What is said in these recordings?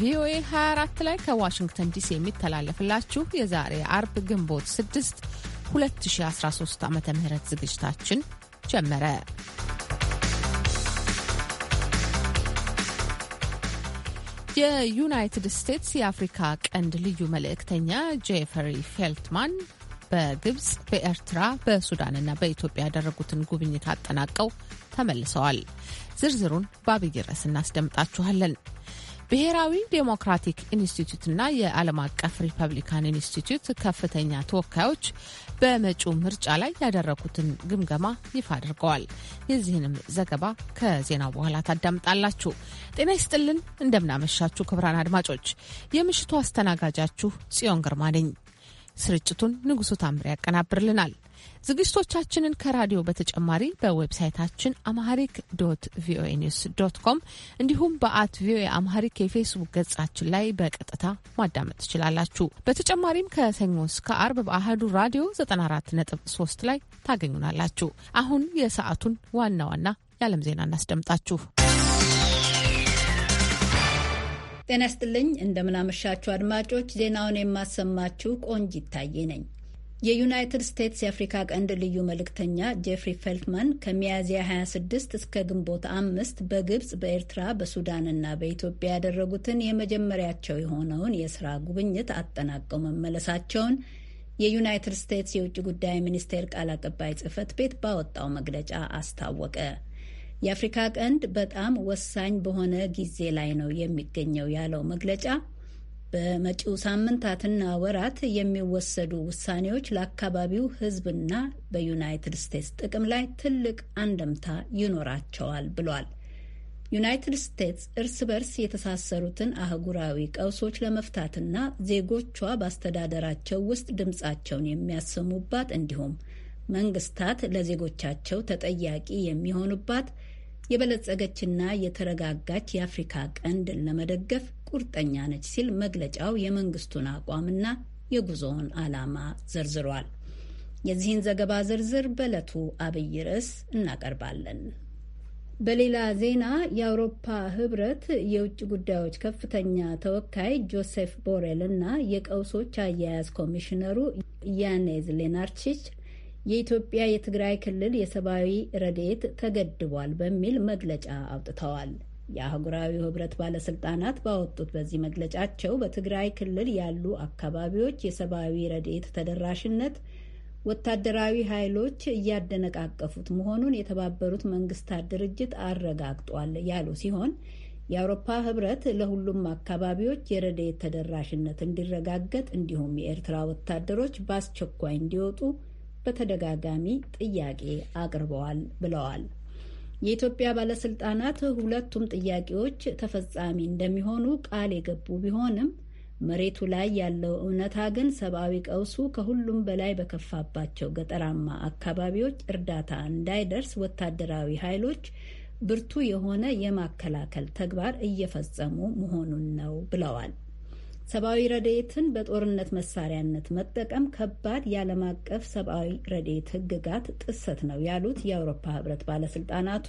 ቪኦኤ 24 ላይ ከዋሽንግተን ዲሲ የሚተላለፍላችሁ የዛሬ አርብ ግንቦት 6 2013 ዓ ም ዝግጅታችን ጀመረ። የዩናይትድ ስቴትስ የአፍሪካ ቀንድ ልዩ መልእክተኛ ጄፈሪ ፌልትማን በግብጽ፣ በኤርትራ፣ በሱዳንና በኢትዮጵያ ያደረጉትን ጉብኝት አጠናቀው ተመልሰዋል። ዝርዝሩን በአብይ ርዕስ እናስደምጣችኋለን። ብሔራዊ ዴሞክራቲክ ኢንስቲትዩትና የዓለም አቀፍ ሪፐብሊካን ኢንስቲትዩት ከፍተኛ ተወካዮች በመጪው ምርጫ ላይ ያደረጉትን ግምገማ ይፋ አድርገዋል። የዚህንም ዘገባ ከዜናው በኋላ ታዳምጣላችሁ። ጤና ይስጥልን፣ እንደምናመሻችሁ ክብራን አድማጮች፣ የምሽቱ አስተናጋጃችሁ ጽዮን ግርማ ነኝ። ስርጭቱን ንጉሱ ታምር ያቀናብርልናል። ዝግጅቶቻችንን ከራዲዮ በተጨማሪ በዌብሳይታችን አምሃሪክ ዶት ቪኦኤ ኒውስ ዶት ኮም እንዲሁም በአት ቪኦኤ አማሪክ የፌስቡክ ገጻችን ላይ በቀጥታ ማዳመጥ ትችላላችሁ። በተጨማሪም ከሰኞ እስከ አርብ በአህዱ ራዲዮ 94.3 ላይ ታገኙናላችሁ። አሁን የሰዓቱን ዋና ዋና የዓለም ዜና እናስደምጣችሁ። ጤና ይስጥልኝ፣ እንደምናመሻችሁ አድማጮች። ዜናውን የማሰማችሁ ቆንጅ ይታየ ነኝ። የዩናይትድ ስቴትስ የአፍሪካ ቀንድ ልዩ መልእክተኛ ጄፍሪ ፌልትማን ከሚያዝያ 26 እስከ ግንቦት አምስት በግብጽ በኤርትራ በሱዳንና በኢትዮጵያ ያደረጉትን የመጀመሪያቸው የሆነውን የስራ ጉብኝት አጠናቀው መመለሳቸውን የዩናይትድ ስቴትስ የውጭ ጉዳይ ሚኒስቴር ቃል አቀባይ ጽህፈት ቤት ባወጣው መግለጫ አስታወቀ። የአፍሪካ ቀንድ በጣም ወሳኝ በሆነ ጊዜ ላይ ነው የሚገኘው ያለው መግለጫ በመጪው ሳምንታትና ወራት የሚወሰዱ ውሳኔዎች ለአካባቢው ሕዝብና በዩናይትድ ስቴትስ ጥቅም ላይ ትልቅ አንደምታ ይኖራቸዋል ብሏል። ዩናይትድ ስቴትስ እርስ በርስ የተሳሰሩትን አህጉራዊ ቀውሶች ለመፍታትና ዜጎቿ በአስተዳደራቸው ውስጥ ድምፃቸውን የሚያሰሙባት እንዲሁም መንግስታት ለዜጎቻቸው ተጠያቂ የሚሆኑባት የበለጸገችና የተረጋጋች የአፍሪካ ቀንድን ለመደገፍ ቁርጠኛ ነች ሲል መግለጫው የመንግስቱን አቋምና የጉዞውን ዓላማ ዘርዝሯል። የዚህን ዘገባ ዝርዝር በዕለቱ አብይ ርዕስ እናቀርባለን። በሌላ ዜና የአውሮፓ ህብረት የውጭ ጉዳዮች ከፍተኛ ተወካይ ጆሴፍ ቦሬል እና የቀውሶች አያያዝ ኮሚሽነሩ ያኔዝ ሌናርቺች የኢትዮጵያ የትግራይ ክልል የሰብአዊ ረድኤት ተገድቧል በሚል መግለጫ አውጥተዋል። የአህጉራዊ ህብረት ባለስልጣናት ባወጡት በዚህ መግለጫቸው በትግራይ ክልል ያሉ አካባቢዎች የሰብአዊ ረድኤት ተደራሽነት ወታደራዊ ኃይሎች እያደነቃቀፉት መሆኑን የተባበሩት መንግስታት ድርጅት አረጋግጧል ያሉ ሲሆን የአውሮፓ ህብረት ለሁሉም አካባቢዎች የረድኤት ተደራሽነት እንዲረጋገጥ እንዲሁም የኤርትራ ወታደሮች በአስቸኳይ እንዲወጡ በተደጋጋሚ ጥያቄ አቅርበዋል ብለዋል። የኢትዮጵያ ባለስልጣናት ሁለቱም ጥያቄዎች ተፈጻሚ እንደሚሆኑ ቃል የገቡ ቢሆንም መሬቱ ላይ ያለው እውነታ ግን ሰብአዊ ቀውሱ ከሁሉም በላይ በከፋባቸው ገጠራማ አካባቢዎች እርዳታ እንዳይደርስ ወታደራዊ ኃይሎች ብርቱ የሆነ የማከላከል ተግባር እየፈጸሙ መሆኑን ነው ብለዋል። ሰብአዊ ረድኤትን በጦርነት መሳሪያነት መጠቀም ከባድ የዓለም አቀፍ ሰብአዊ ረድኤት ሕግጋት ጥሰት ነው ያሉት የአውሮፓ ሕብረት ባለስልጣናቱ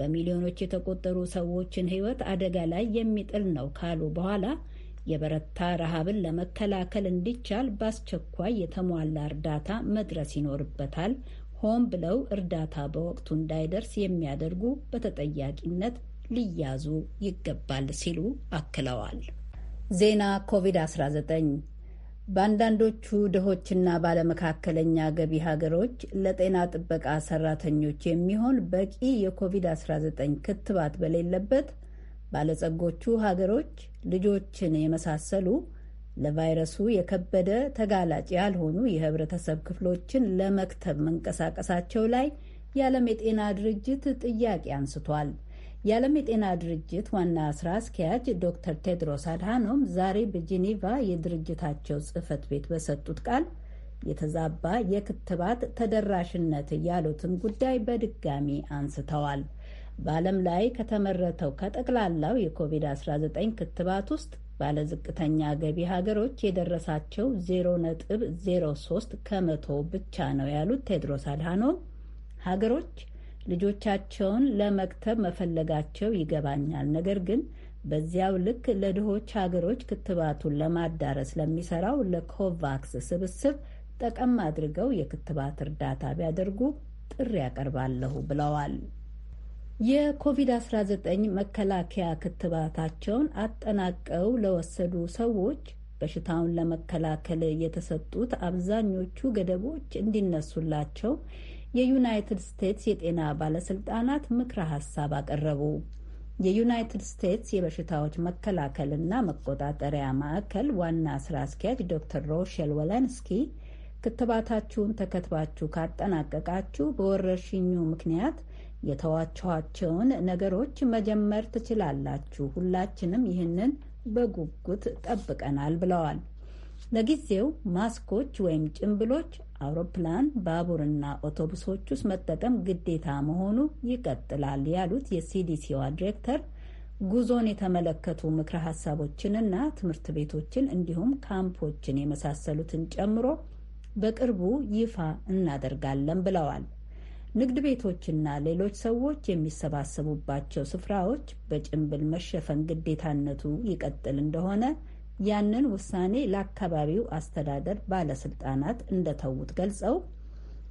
በሚሊዮኖች የተቆጠሩ ሰዎችን ሕይወት አደጋ ላይ የሚጥል ነው ካሉ በኋላ የበረታ ረሃብን ለመከላከል እንዲቻል በአስቸኳይ የተሟላ እርዳታ መድረስ ይኖርበታል። ሆን ብለው እርዳታ በወቅቱ እንዳይደርስ የሚያደርጉ በተጠያቂነት ሊያዙ ይገባል ሲሉ አክለዋል። ዜና ኮቪድ-19 በአንዳንዶቹ ድሆችና ባለመካከለኛ ገቢ ሀገሮች ለጤና ጥበቃ ሰራተኞች የሚሆን በቂ የኮቪድ-19 ክትባት በሌለበት ባለጸጎቹ ሀገሮች ልጆችን የመሳሰሉ ለቫይረሱ የከበደ ተጋላጭ ያልሆኑ የህብረተሰብ ክፍሎችን ለመክተብ መንቀሳቀሳቸው ላይ የዓለም የጤና ድርጅት ጥያቄ አንስቷል። የዓለም የጤና ድርጅት ዋና ስራ አስኪያጅ ዶክተር ቴድሮስ አድሃኖም ዛሬ በጄኔቫ የድርጅታቸው ጽህፈት ቤት በሰጡት ቃል የተዛባ የክትባት ተደራሽነት ያሉትን ጉዳይ በድጋሚ አንስተዋል። በዓለም ላይ ከተመረተው ከጠቅላላው የኮቪድ-19 ክትባት ውስጥ ባለዝቅተኛ ገቢ ሀገሮች የደረሳቸው 0.03 ከመቶ ብቻ ነው ያሉት ቴድሮስ አድሃኖም ሀገሮች ልጆቻቸውን ለመክተብ መፈለጋቸው ይገባኛል። ነገር ግን በዚያው ልክ ለድሆች ሀገሮች ክትባቱን ለማዳረስ ለሚሰራው ለኮቫክስ ስብስብ ጠቀም አድርገው የክትባት እርዳታ ቢያደርጉ ጥሪ ያቀርባለሁ ብለዋል። የኮቪድ-19 መከላከያ ክትባታቸውን አጠናቀው ለወሰዱ ሰዎች በሽታውን ለመከላከል የተሰጡት አብዛኞቹ ገደቦች እንዲነሱላቸው የዩናይትድ ስቴትስ የጤና ባለስልጣናት ምክረ ሀሳብ አቀረቡ። የዩናይትድ ስቴትስ የበሽታዎች መከላከልና መቆጣጠሪያ ማዕከል ዋና ስራ አስኪያጅ ዶክተር ሮሼል ወለንስኪ ክትባታችሁን ተከትባችሁ ካጠናቀቃችሁ በወረርሽኙ ምክንያት የተዋችኋቸውን ነገሮች መጀመር ትችላላችሁ። ሁላችንም ይህንን በጉጉት ጠብቀናል ብለዋል። ለጊዜው ማስኮች ወይም ጭንብሎች አውሮፕላን፣ ባቡርና አውቶቡሶች ውስጥ መጠቀም ግዴታ መሆኑ ይቀጥላል ያሉት የሲዲሲዋ ዲሬክተር ጉዞን የተመለከቱ ምክረ ሀሳቦችንና ትምህርት ቤቶችን እንዲሁም ካምፖችን የመሳሰሉትን ጨምሮ በቅርቡ ይፋ እናደርጋለን ብለዋል። ንግድ ቤቶችና ሌሎች ሰዎች የሚሰባሰቡባቸው ስፍራዎች በጭንብል መሸፈን ግዴታነቱ ይቀጥል እንደሆነ ያንን ውሳኔ ለአካባቢው አስተዳደር ባለስልጣናት እንደተዉት ገልጸው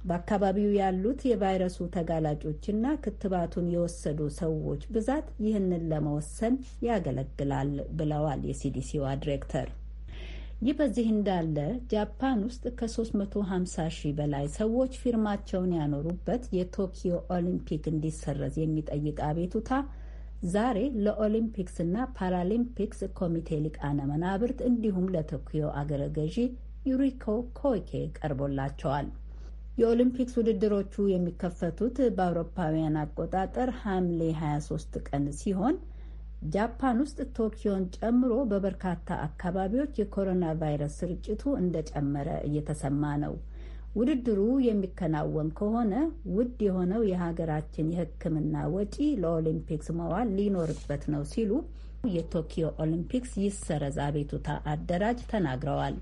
በአካባቢው ያሉት የቫይረሱ ተጋላጮችና ክትባቱን የወሰዱ ሰዎች ብዛት ይህንን ለመወሰን ያገለግላል ብለዋል የሲዲሲዋ ዲሬክተር። ይህ በዚህ እንዳለ ጃፓን ውስጥ ከ350 ሺህ በላይ ሰዎች ፊርማቸውን ያኖሩበት የቶኪዮ ኦሊምፒክ እንዲሰረዝ የሚጠይቅ አቤቱታ ዛሬ ለኦሊምፒክስና ፓራሊምፒክስ ኮሚቴ ሊቃነ መናብርት እንዲሁም ለቶኪዮ አገረ ገዢ ዩሪኮ ኮይኬ ቀርቦላቸዋል። የኦሊምፒክስ ውድድሮቹ የሚከፈቱት በአውሮፓውያን አቆጣጠር ሐምሌ 23 ቀን ሲሆን ጃፓን ውስጥ ቶኪዮን ጨምሮ በበርካታ አካባቢዎች የኮሮና ቫይረስ ስርጭቱ እንደጨመረ እየተሰማ ነው። ውድድሩ የሚከናወን ከሆነ ውድ የሆነው የሀገራችን የሕክምና ወጪ ለኦሊምፒክስ መዋል ሊኖርበት ነው ሲሉ የቶኪዮ ኦሊምፒክስ ይሰረዝ አቤቱታ አደራጅ ተናግረዋል።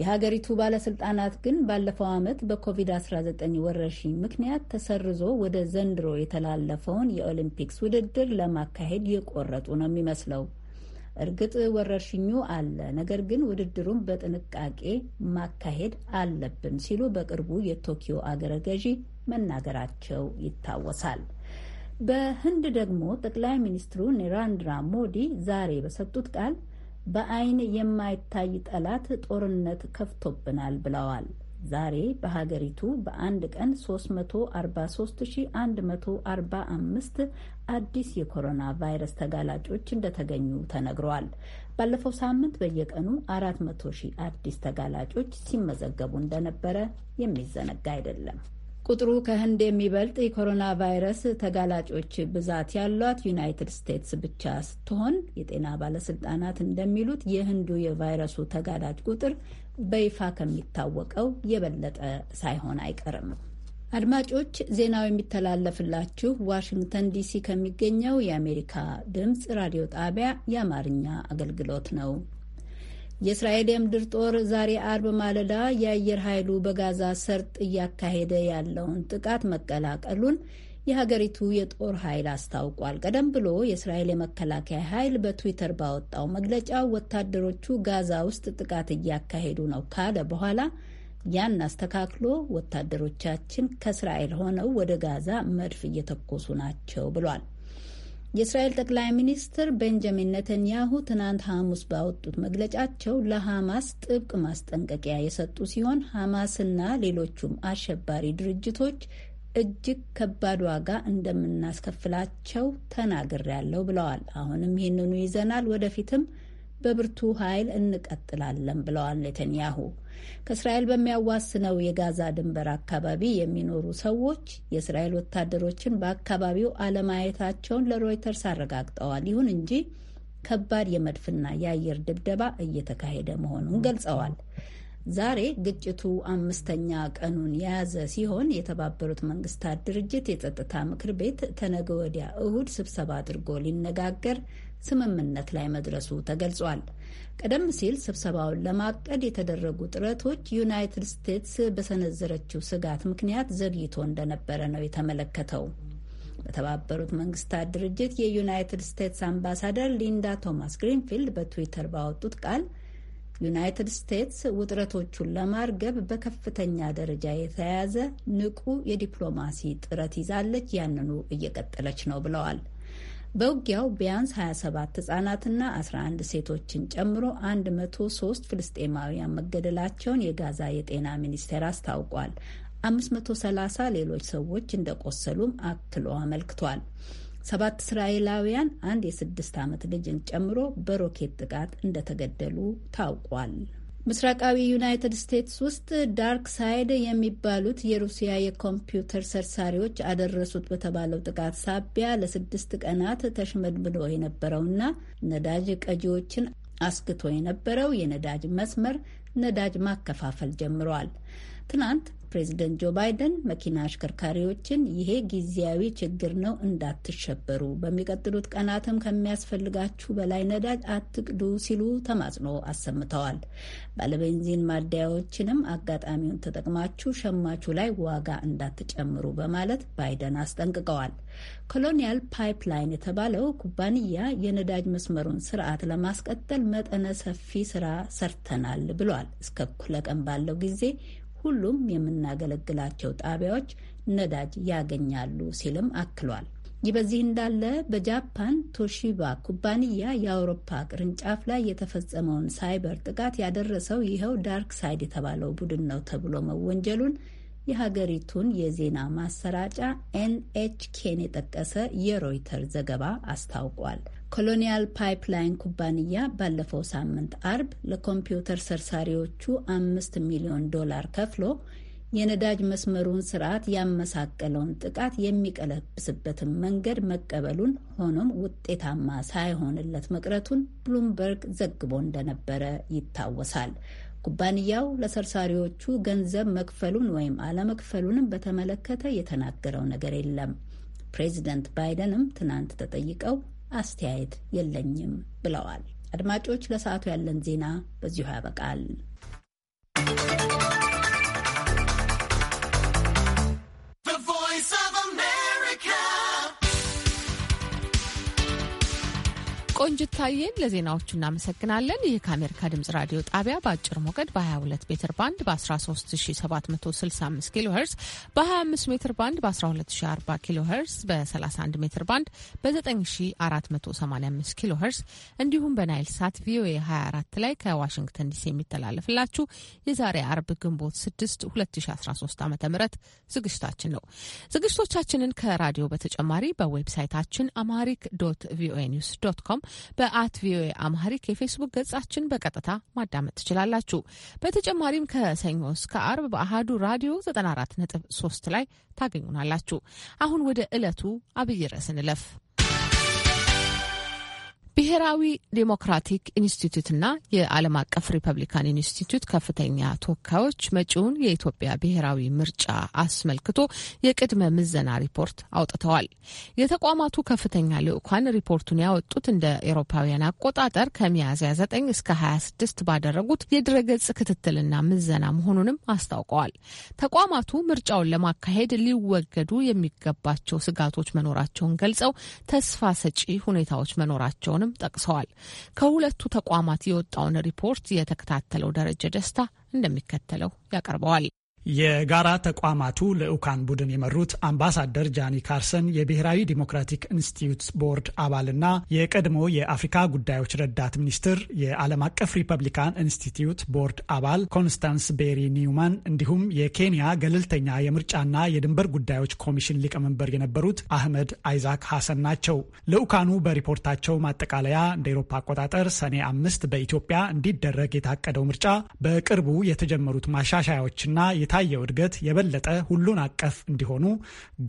የሀገሪቱ ባለስልጣናት ግን ባለፈው ዓመት በኮቪድ-19 ወረርሽኝ ምክንያት ተሰርዞ ወደ ዘንድሮ የተላለፈውን የኦሊምፒክስ ውድድር ለማካሄድ የቆረጡ ነው የሚመስለው። እርግጥ ወረርሽኙ አለ፣ ነገር ግን ውድድሩን በጥንቃቄ ማካሄድ አለብን ሲሉ በቅርቡ የቶኪዮ አገረ ገዢ መናገራቸው ይታወሳል። በህንድ ደግሞ ጠቅላይ ሚኒስትሩ ኔራንድራ ሞዲ ዛሬ በሰጡት ቃል በአይን የማይታይ ጠላት ጦርነት ከፍቶብናል ብለዋል። ዛሬ በሀገሪቱ በአንድ ቀን 343145 አዲስ የኮሮና ቫይረስ ተጋላጮች እንደተገኙ ተነግረዋል። ባለፈው ሳምንት በየቀኑ 400 ሺህ አዲስ ተጋላጮች ሲመዘገቡ እንደነበረ የሚዘነጋ አይደለም። ቁጥሩ ከህንድ የሚበልጥ የኮሮና ቫይረስ ተጋላጮች ብዛት ያሏት ዩናይትድ ስቴትስ ብቻ ስትሆን የጤና ባለስልጣናት እንደሚሉት የህንዱ የቫይረሱ ተጋላጭ ቁጥር በይፋ ከሚታወቀው የበለጠ ሳይሆን አይቀርም። አድማጮች፣ ዜናው የሚተላለፍላችሁ ዋሽንግተን ዲሲ ከሚገኘው የአሜሪካ ድምፅ ራዲዮ ጣቢያ የአማርኛ አገልግሎት ነው። የእስራኤል የምድር ጦር ዛሬ አርብ ማለዳ የአየር ኃይሉ በጋዛ ሰርጥ እያካሄደ ያለውን ጥቃት መቀላቀሉን የሀገሪቱ የጦር ኃይል አስታውቋል። ቀደም ብሎ የእስራኤል የመከላከያ ኃይል በትዊተር ባወጣው መግለጫ ወታደሮቹ ጋዛ ውስጥ ጥቃት እያካሄዱ ነው ካለ በኋላ ያን አስተካክሎ ወታደሮቻችን ከእስራኤል ሆነው ወደ ጋዛ መድፍ እየተኮሱ ናቸው ብሏል። የእስራኤል ጠቅላይ ሚኒስትር ቤንጃሚን ነተንያሁ ትናንት ሐሙስ ባወጡት መግለጫቸው ለሐማስ ጥብቅ ማስጠንቀቂያ የሰጡ ሲሆን ሐማስና ሌሎቹም አሸባሪ ድርጅቶች እጅግ ከባድ ዋጋ እንደምናስከፍላቸው ተናግሬያለሁ ብለዋል። አሁንም ይህንኑ ይዘናል፣ ወደፊትም በብርቱ ኃይል እንቀጥላለን ብለዋል ኔተንያሁ። ከእስራኤል በሚያዋስነው የጋዛ ድንበር አካባቢ የሚኖሩ ሰዎች የእስራኤል ወታደሮችን በአካባቢው አለማየታቸውን ለሮይተርስ አረጋግጠዋል። ይሁን እንጂ ከባድ የመድፍና የአየር ድብደባ እየተካሄደ መሆኑን ገልጸዋል። ዛሬ ግጭቱ አምስተኛ ቀኑን የያዘ ሲሆን የተባበሩት መንግስታት ድርጅት የጸጥታ ምክር ቤት ተነገ ወዲያ እሁድ ስብሰባ አድርጎ ሊነጋገር ስምምነት ላይ መድረሱ ተገልጿል። ቀደም ሲል ስብሰባውን ለማቀድ የተደረጉ ጥረቶች ዩናይትድ ስቴትስ በሰነዘረችው ስጋት ምክንያት ዘግይቶ እንደነበረ ነው የተመለከተው። በተባበሩት መንግስታት ድርጅት የዩናይትድ ስቴትስ አምባሳደር ሊንዳ ቶማስ ግሪንፊልድ በትዊተር ባወጡት ቃል ዩናይትድ ስቴትስ ውጥረቶቹን ለማርገብ በከፍተኛ ደረጃ የተያያዘ ንቁ የዲፕሎማሲ ጥረት ይዛለች፣ ያንኑ እየቀጠለች ነው ብለዋል። በውጊያው ቢያንስ 27 ህጻናትና 11 ሴቶችን ጨምሮ 103 ፍልስጤማውያን መገደላቸውን የጋዛ የጤና ሚኒስቴር አስታውቋል። 530 ሌሎች ሰዎች እንደቆሰሉም አክሎ አመልክቷል። ሰባት እስራኤላውያን አንድ የስድስት ዓመት ልጅን ጨምሮ በሮኬት ጥቃት እንደተገደሉ ታውቋል። ምስራቃዊ ዩናይትድ ስቴትስ ውስጥ ዳርክ ሳይድ የሚባሉት የሩሲያ የኮምፒውተር ሰርሳሪዎች አደረሱት በተባለው ጥቃት ሳቢያ ለስድስት ቀናት ተሽመድምዶ የነበረውና ነዳጅ ቀጂዎችን አስግቶ የነበረው የነዳጅ መስመር ነዳጅ ማከፋፈል ጀምሯል። ትናንት ፕሬዚደንት ጆ ባይደን መኪና አሽከርካሪዎችን ይሄ ጊዜያዊ ችግር ነው እንዳትሸበሩ፣ በሚቀጥሉት ቀናትም ከሚያስፈልጋችሁ በላይ ነዳጅ አትቅዱ ሲሉ ተማጽኖ አሰምተዋል። ባለቤንዚን ማደያዎችንም አጋጣሚውን ተጠቅማችሁ ሸማቹ ላይ ዋጋ እንዳትጨምሩ በማለት ባይደን አስጠንቅቀዋል። ኮሎኒያል ፓይፕላይን የተባለው ኩባንያ የነዳጅ መስመሩን ስርዓት ለማስቀጠል መጠነ ሰፊ ስራ ሰርተናል ብሏል። እስከ እኩለ ቀን ባለው ጊዜ ሁሉም የምናገለግላቸው ጣቢያዎች ነዳጅ ያገኛሉ ሲልም አክሏል። ይህ በዚህ እንዳለ በጃፓን ቶሺባ ኩባንያ የአውሮፓ ቅርንጫፍ ላይ የተፈጸመውን ሳይበር ጥቃት ያደረሰው ይኸው ዳርክ ሳይድ የተባለው ቡድን ነው ተብሎ መወንጀሉን የሀገሪቱን የዜና ማሰራጫ ኤንኤችኬን የጠቀሰ የሮይተርስ ዘገባ አስታውቋል። ኮሎኒያል ፓይፕላይን ኩባንያ ባለፈው ሳምንት አርብ ለኮምፒውተር ሰርሳሪዎቹ አምስት ሚሊዮን ዶላር ከፍሎ የነዳጅ መስመሩን ስርዓት ያመሳቀለውን ጥቃት የሚቀለብስበትን መንገድ መቀበሉን ሆኖም ውጤታማ ሳይሆንለት መቅረቱን ብሉምበርግ ዘግቦ እንደነበረ ይታወሳል። ኩባንያው ለሰርሳሪዎቹ ገንዘብ መክፈሉን ወይም አለመክፈሉንም በተመለከተ የተናገረው ነገር የለም። ፕሬዚደንት ባይደንም ትናንት ተጠይቀው አስተያየት የለኝም ብለዋል። አድማጮች፣ ለሰዓቱ ያለን ዜና በዚሁ ያበቃል። ቆንጅታዬን ለዜናዎቹ እናመሰግናለን። ይህ ከአሜሪካ ድምጽ ራዲዮ ጣቢያ በአጭር ሞገድ በ22 ሜትር ባንድ በ13765 ኪሎ ሄርዝ፣ በ25 ሜትር ባንድ በ1240 ኪሎ ሄርዝ፣ በ31 ሜትር ባንድ በ9485 ኪሎ ሄርዝ እንዲሁም በናይል ሳት ቪኦኤ 24 ላይ ከዋሽንግተን ዲሲ የሚተላለፍላችሁ የዛሬ አርብ ግንቦት 6 2013 ዓ ም ዝግጅታችን ነው። ዝግጅቶቻችንን ከራዲዮ በተጨማሪ በዌብሳይታችን አማሪክ ዶት ቪኦኤ ኒውስ ዶት ኮም በአት ቪኦኤ አምሃሪክ የፌስቡክ ገጻችን በቀጥታ ማዳመጥ ትችላላችሁ። በተጨማሪም ከሰኞ እስከ አርብ በአሃዱ ራዲዮ 94.3 ላይ ታገኙናላችሁ። አሁን ወደ ዕለቱ አብይ ርዕስ እንለፍ። ብሔራዊ ዴሞክራቲክ ኢንስቲትዩትና የዓለም አቀፍ ሪፐብሊካን ኢንስቲትዩት ከፍተኛ ተወካዮች መጪውን የኢትዮጵያ ብሔራዊ ምርጫ አስመልክቶ የቅድመ ምዘና ሪፖርት አውጥተዋል። የተቋማቱ ከፍተኛ ልዑካን ሪፖርቱን ያወጡት እንደ ኤሮፓውያን አቆጣጠር ከሚያዝያ 9 እስከ 26 ባደረጉት የድረገጽ ክትትልና ምዘና መሆኑንም አስታውቀዋል። ተቋማቱ ምርጫውን ለማካሄድ ሊወገዱ የሚገባቸው ስጋቶች መኖራቸውን ገልጸው ተስፋ ሰጪ ሁኔታዎች መኖራቸውንም መሆኑንም ጠቅሰዋል። ከሁለቱ ተቋማት የወጣውን ሪፖርት የተከታተለው ደረጀ ደስታ እንደሚከተለው ያቀርበዋል። የጋራ ተቋማቱ ልዑካን ቡድን የመሩት አምባሳደር ጃኒ ካርሰን የብሔራዊ ዲሞክራቲክ ኢንስቲትዩት ቦርድ አባልና የቀድሞ የአፍሪካ ጉዳዮች ረዳት ሚኒስትር የዓለም አቀፍ ሪፐብሊካን ኢንስቲትዩት ቦርድ አባል ኮንስታንስ ቤሪ ኒውማን እንዲሁም የኬንያ ገለልተኛ የምርጫና የድንበር ጉዳዮች ኮሚሽን ሊቀመንበር የነበሩት አህመድ አይዛክ ሐሰን ናቸው። ልዑካኑ በሪፖርታቸው ማጠቃለያ እንደ ኤሮፓ አቆጣጠር ሰኔ አምስት በኢትዮጵያ እንዲደረግ የታቀደው ምርጫ በቅርቡ የተጀመሩት ማሻሻያዎችና የታ የታየው እድገት የበለጠ ሁሉን አቀፍ እንዲሆኑ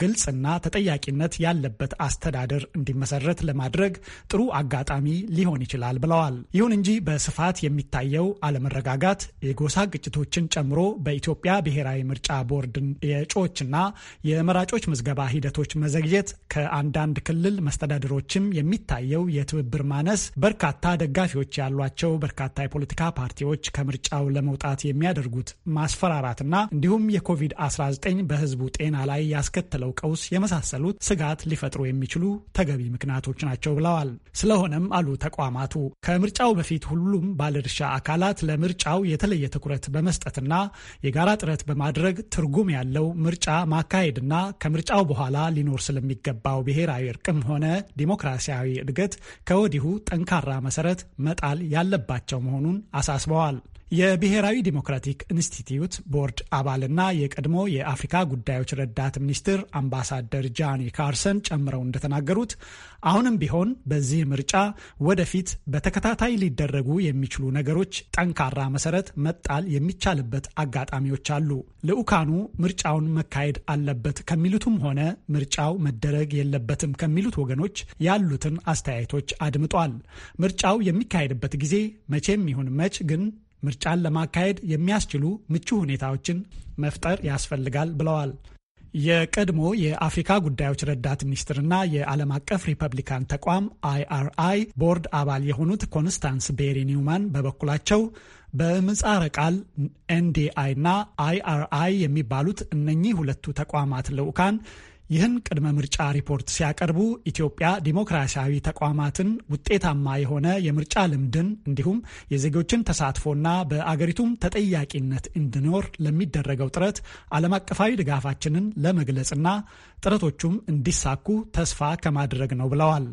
ግልጽና ተጠያቂነት ያለበት አስተዳደር እንዲመሰረት ለማድረግ ጥሩ አጋጣሚ ሊሆን ይችላል ብለዋል። ይሁን እንጂ በስፋት የሚታየው አለመረጋጋት የጎሳ ግጭቶችን ጨምሮ በኢትዮጵያ ብሔራዊ ምርጫ ቦርድ የእጩዎችና የመራጮች ምዝገባ ሂደቶች መዘግየት፣ ከአንዳንድ ክልል መስተዳድሮችም የሚታየው የትብብር ማነስ፣ በርካታ ደጋፊዎች ያሏቸው በርካታ የፖለቲካ ፓርቲዎች ከምርጫው ለመውጣት የሚያደርጉት ማስፈራራትና እንዲሁም የኮቪድ-19 በህዝቡ ጤና ላይ ያስከተለው ቀውስ የመሳሰሉት ስጋት ሊፈጥሩ የሚችሉ ተገቢ ምክንያቶች ናቸው ብለዋል። ስለሆነም አሉ ተቋማቱ ከምርጫው በፊት ሁሉም ባለድርሻ አካላት ለምርጫው የተለየ ትኩረት በመስጠትና የጋራ ጥረት በማድረግ ትርጉም ያለው ምርጫ ማካሄድና ከምርጫው በኋላ ሊኖር ስለሚገባው ብሔራዊ እርቅም ሆነ ዲሞክራሲያዊ እድገት ከወዲሁ ጠንካራ መሰረት መጣል ያለባቸው መሆኑን አሳስበዋል። የብሔራዊ ዲሞክራቲክ ኢንስቲትዩት ቦርድ አባልና የቀድሞ የአፍሪካ ጉዳዮች ረዳት ሚኒስትር አምባሳደር ጃኒ ካርሰን ጨምረው እንደተናገሩት አሁንም ቢሆን በዚህ ምርጫ ወደፊት በተከታታይ ሊደረጉ የሚችሉ ነገሮች ጠንካራ መሰረት መጣል የሚቻልበት አጋጣሚዎች አሉ። ልዑካኑ ምርጫውን መካሄድ አለበት ከሚሉትም ሆነ ምርጫው መደረግ የለበትም ከሚሉት ወገኖች ያሉትን አስተያየቶች አድምጧል። ምርጫው የሚካሄድበት ጊዜ መቼም ይሁን መች ግን ምርጫን ለማካሄድ የሚያስችሉ ምቹ ሁኔታዎችን መፍጠር ያስፈልጋል ብለዋል። የቀድሞ የአፍሪካ ጉዳዮች ረዳት ሚኒስትርና የዓለም አቀፍ ሪፐብሊካን ተቋም አይአርአይ ቦርድ አባል የሆኑት ኮንስታንስ ቤሪ ኒውማን በበኩላቸው በምጻረ ቃል ኤንዲአይ እና አይአርአይ የሚባሉት እነኚህ ሁለቱ ተቋማት ልዑካን ይህን ቅድመ ምርጫ ሪፖርት ሲያቀርቡ ኢትዮጵያ ዲሞክራሲያዊ ተቋማትን፣ ውጤታማ የሆነ የምርጫ ልምድን እንዲሁም የዜጎችን ተሳትፎና በአገሪቱም ተጠያቂነት እንዲኖር ለሚደረገው ጥረት ዓለም አቀፋዊ ድጋፋችንን ለመግለጽና ጥረቶቹም እንዲሳኩ ተስፋ ከማድረግ ነው ብለዋል።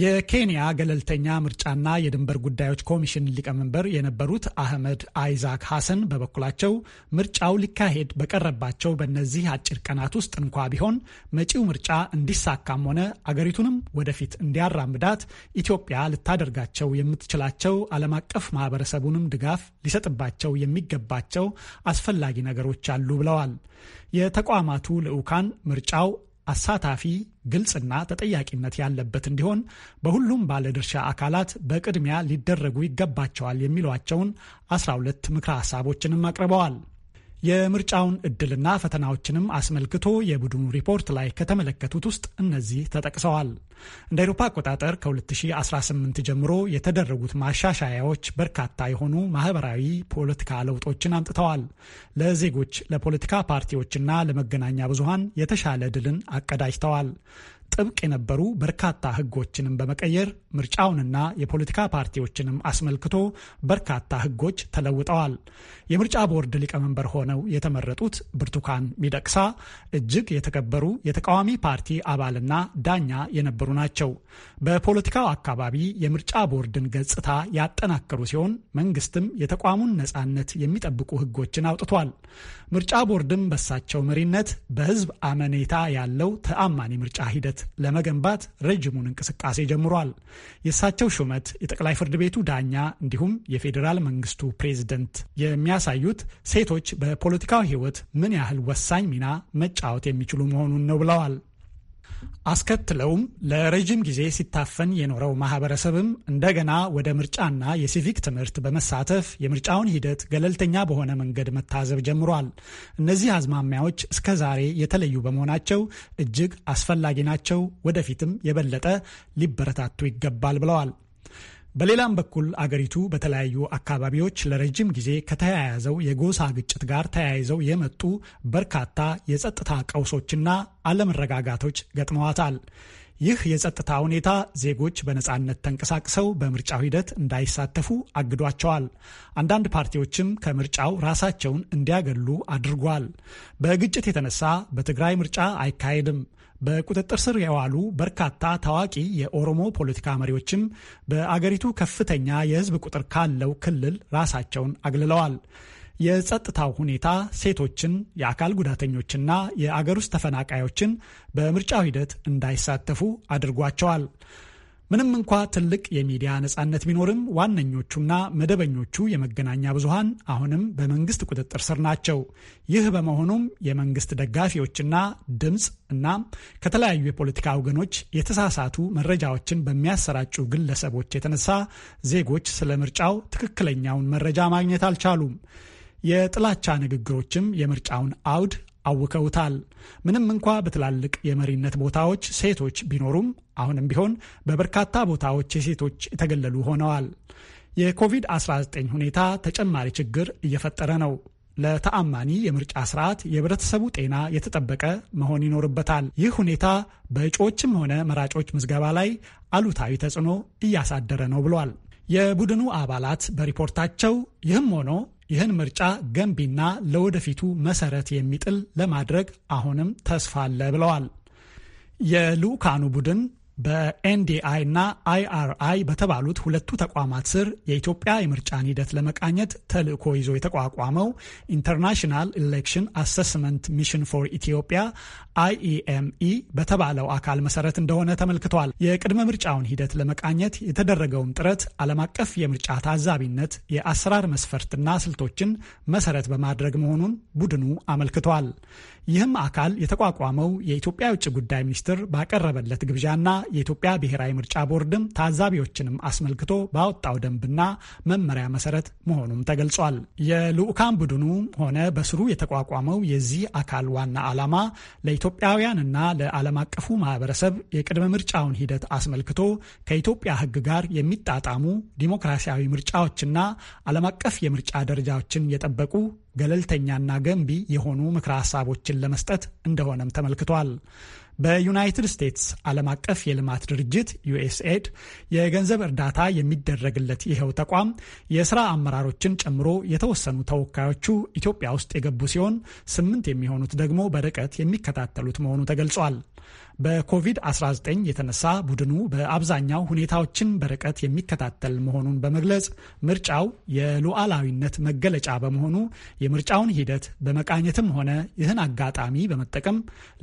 የኬንያ ገለልተኛ ምርጫና የድንበር ጉዳዮች ኮሚሽን ሊቀመንበር የነበሩት አህመድ አይዛክ ሐሰን በበኩላቸው ምርጫው ሊካሄድ በቀረባቸው በእነዚህ አጭር ቀናት ውስጥ እንኳ ቢሆን መጪው ምርጫ እንዲሳካም ሆነ አገሪቱንም ወደፊት እንዲያራምዳት ኢትዮጵያ ልታደርጋቸው የምትችላቸው ዓለም አቀፍ ማህበረሰቡንም ድጋፍ ሊሰጥባቸው የሚገባቸው አስፈላጊ ነገሮች አሉ ብለዋል። የተቋማቱ ልዑካን ምርጫው አሳታፊ፣ ግልጽና ተጠያቂነት ያለበት እንዲሆን በሁሉም ባለድርሻ አካላት በቅድሚያ ሊደረጉ ይገባቸዋል የሚሏቸውን 12 ምክረ ሀሳቦችንም አቅርበዋል። የምርጫውን እድልና ፈተናዎችንም አስመልክቶ የቡድኑ ሪፖርት ላይ ከተመለከቱት ውስጥ እነዚህ ተጠቅሰዋል። እንደ አውሮፓ አቆጣጠር ከ2018 ጀምሮ የተደረጉት ማሻሻያዎች በርካታ የሆኑ ማህበራዊ ፖለቲካ ለውጦችን አምጥተዋል። ለዜጎች፣ ለፖለቲካ ፓርቲዎችና ለመገናኛ ብዙሃን የተሻለ ድልን አቀዳጅተዋል። ጥብቅ የነበሩ በርካታ ህጎችንም በመቀየር ምርጫውንና የፖለቲካ ፓርቲዎችንም አስመልክቶ በርካታ ሕጎች ተለውጠዋል። የምርጫ ቦርድ ሊቀመንበር ሆነው የተመረጡት ብርቱካን ሚደቅሳ እጅግ የተከበሩ የተቃዋሚ ፓርቲ አባልና ዳኛ የነበሩ ናቸው። በፖለቲካው አካባቢ የምርጫ ቦርድን ገጽታ ያጠናከሩ ሲሆን መንግስትም የተቋሙን ነጻነት የሚጠብቁ ሕጎችን አውጥቷል። ምርጫ ቦርድም በሳቸው መሪነት በህዝብ አመኔታ ያለው ተአማኒ ምርጫ ሂደት ለመገንባት ረጅሙን እንቅስቃሴ ጀምሯል። የእሳቸው ሹመት የጠቅላይ ፍርድ ቤቱ ዳኛ እንዲሁም የፌዴራል መንግስቱ ፕሬዝደንት የሚያሳዩት ሴቶች በፖለቲካዊ ህይወት ምን ያህል ወሳኝ ሚና መጫወት የሚችሉ መሆኑን ነው ብለዋል። አስከትለውም ለረጅም ጊዜ ሲታፈን የኖረው ማህበረሰብም እንደገና ወደ ምርጫና የሲቪክ ትምህርት በመሳተፍ የምርጫውን ሂደት ገለልተኛ በሆነ መንገድ መታዘብ ጀምሯል። እነዚህ አዝማሚያዎች እስከ ዛሬ የተለዩ በመሆናቸው እጅግ አስፈላጊ ናቸው፣ ወደፊትም የበለጠ ሊበረታቱ ይገባል ብለዋል። በሌላም በኩል አገሪቱ በተለያዩ አካባቢዎች ለረጅም ጊዜ ከተያያዘው የጎሳ ግጭት ጋር ተያይዘው የመጡ በርካታ የጸጥታ ቀውሶችና አለመረጋጋቶች ገጥመዋታል። ይህ የጸጥታ ሁኔታ ዜጎች በነፃነት ተንቀሳቅሰው በምርጫው ሂደት እንዳይሳተፉ አግዷቸዋል። አንዳንድ ፓርቲዎችም ከምርጫው ራሳቸውን እንዲያገሉ አድርጓል። በግጭት የተነሳ በትግራይ ምርጫ አይካሄድም፣ በቁጥጥር ስር የዋሉ በርካታ ታዋቂ የኦሮሞ ፖለቲካ መሪዎችም በአገሪቱ ከፍተኛ የህዝብ ቁጥር ካለው ክልል ራሳቸውን አግልለዋል። የጸጥታው ሁኔታ ሴቶችን፣ የአካል ጉዳተኞችና የአገር ውስጥ ተፈናቃዮችን በምርጫው ሂደት እንዳይሳተፉ አድርጓቸዋል። ምንም እንኳ ትልቅ የሚዲያ ነጻነት ቢኖርም ዋነኞቹና መደበኞቹ የመገናኛ ብዙሃን አሁንም በመንግስት ቁጥጥር ስር ናቸው። ይህ በመሆኑም የመንግስት ደጋፊዎችና ድምፅ እና ከተለያዩ የፖለቲካ ወገኖች የተሳሳቱ መረጃዎችን በሚያሰራጩ ግለሰቦች የተነሳ ዜጎች ስለ ምርጫው ትክክለኛውን መረጃ ማግኘት አልቻሉም። የጥላቻ ንግግሮችም የምርጫውን አውድ አውከውታል። ምንም እንኳ በትላልቅ የመሪነት ቦታዎች ሴቶች ቢኖሩም አሁንም ቢሆን በበርካታ ቦታዎች የሴቶች የተገለሉ ሆነዋል። የኮቪድ-19 ሁኔታ ተጨማሪ ችግር እየፈጠረ ነው። ለተአማኒ የምርጫ ስርዓት የህብረተሰቡ ጤና የተጠበቀ መሆን ይኖርበታል። ይህ ሁኔታ በእጩዎችም ሆነ መራጮች ምዝገባ ላይ አሉታዊ ተጽዕኖ እያሳደረ ነው ብሏል። የቡድኑ አባላት በሪፖርታቸው ይህም ሆኖ ይህን ምርጫ ገንቢና ለወደፊቱ መሰረት የሚጥል ለማድረግ አሁንም ተስፋ አለ ብለዋል። የልዑካኑ ቡድን በኤንዲአይ እና አይአርአይ በተባሉት ሁለቱ ተቋማት ስር የኢትዮጵያ የምርጫን ሂደት ለመቃኘት ተልዕኮ ይዞ የተቋቋመው ኢንተርናሽናል ኢሌክሽን አሰስመንት ሚሽን ፎር ኢትዮጵያ አይኢኤምኢ በተባለው አካል መሰረት እንደሆነ ተመልክቷል። የቅድመ ምርጫውን ሂደት ለመቃኘት የተደረገውም ጥረት ዓለም አቀፍ የምርጫ ታዛቢነት የአሰራር መስፈርትና ስልቶችን መሰረት በማድረግ መሆኑን ቡድኑ አመልክቷል። ይህም አካል የተቋቋመው የኢትዮጵያ የውጭ ጉዳይ ሚኒስትር ባቀረበለት ግብዣና የኢትዮጵያ ብሔራዊ ምርጫ ቦርድም ታዛቢዎችንም አስመልክቶ ባወጣው ደንብና መመሪያ መሰረት መሆኑም ተገልጿል። የልዑካን ቡድኑ ሆነ በስሩ የተቋቋመው የዚህ አካል ዋና ዓላማ ለኢትዮጵያውያንና ለዓለም አቀፉ ማህበረሰብ የቅድመ ምርጫውን ሂደት አስመልክቶ ከኢትዮጵያ ሕግ ጋር የሚጣጣሙ ዲሞክራሲያዊ ምርጫዎችና ዓለም አቀፍ የምርጫ ደረጃዎችን የጠበቁ ገለልተኛና ገንቢ የሆኑ ምክረ ሀሳቦችን ለመስጠት እንደሆነም ተመልክቷል። በዩናይትድ ስቴትስ ዓለም አቀፍ የልማት ድርጅት ዩኤስኤድ የገንዘብ እርዳታ የሚደረግለት ይኸው ተቋም የስራ አመራሮችን ጨምሮ የተወሰኑ ተወካዮቹ ኢትዮጵያ ውስጥ የገቡ ሲሆን ስምንት የሚሆኑት ደግሞ በርቀት የሚከታተሉት መሆኑ ተገልጿል። በኮቪድ-19 የተነሳ ቡድኑ በአብዛኛው ሁኔታዎችን በርቀት የሚከታተል መሆኑን በመግለጽ ምርጫው የሉዓላዊነት መገለጫ በመሆኑ የምርጫውን ሂደት በመቃኘትም ሆነ ይህን አጋጣሚ በመጠቀም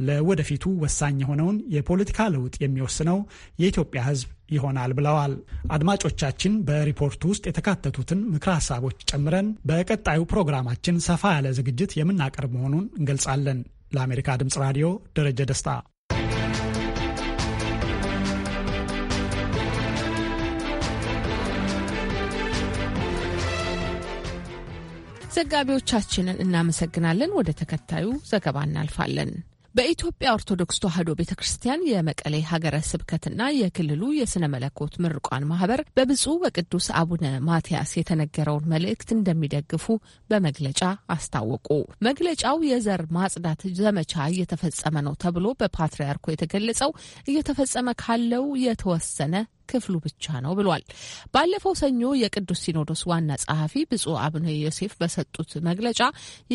ለወደፊቱ ወሳኝ የሆነውን የፖለቲካ ለውጥ የሚወስነው የኢትዮጵያ ሕዝብ ይሆናል ብለዋል። አድማጮቻችን በሪፖርቱ ውስጥ የተካተቱትን ምክረ ሀሳቦች ጨምረን በቀጣዩ ፕሮግራማችን ሰፋ ያለ ዝግጅት የምናቀርብ መሆኑን እንገልጻለን። ለአሜሪካ ድምፅ ራዲዮ ደረጀ ደስታ ዘጋቢዎቻችንን እናመሰግናለን። ወደ ተከታዩ ዘገባ እናልፋለን። በኢትዮጵያ ኦርቶዶክስ ተዋሕዶ ቤተ ክርስቲያን የመቀሌ ሀገረ ስብከትና የክልሉ የስነ መለኮት ምርቋን ማህበር በብፁዕ በቅዱስ አቡነ ማትያስ የተነገረውን መልእክት እንደሚደግፉ በመግለጫ አስታወቁ። መግለጫው የዘር ማጽዳት ዘመቻ እየተፈጸመ ነው ተብሎ በፓትርያርኩ የተገለጸው እየተፈጸመ ካለው የተወሰነ ክፍሉ ብቻ ነው ብሏል። ባለፈው ሰኞ የቅዱስ ሲኖዶስ ዋና ጸሐፊ ብፁዕ አቡነ ዮሴፍ በሰጡት መግለጫ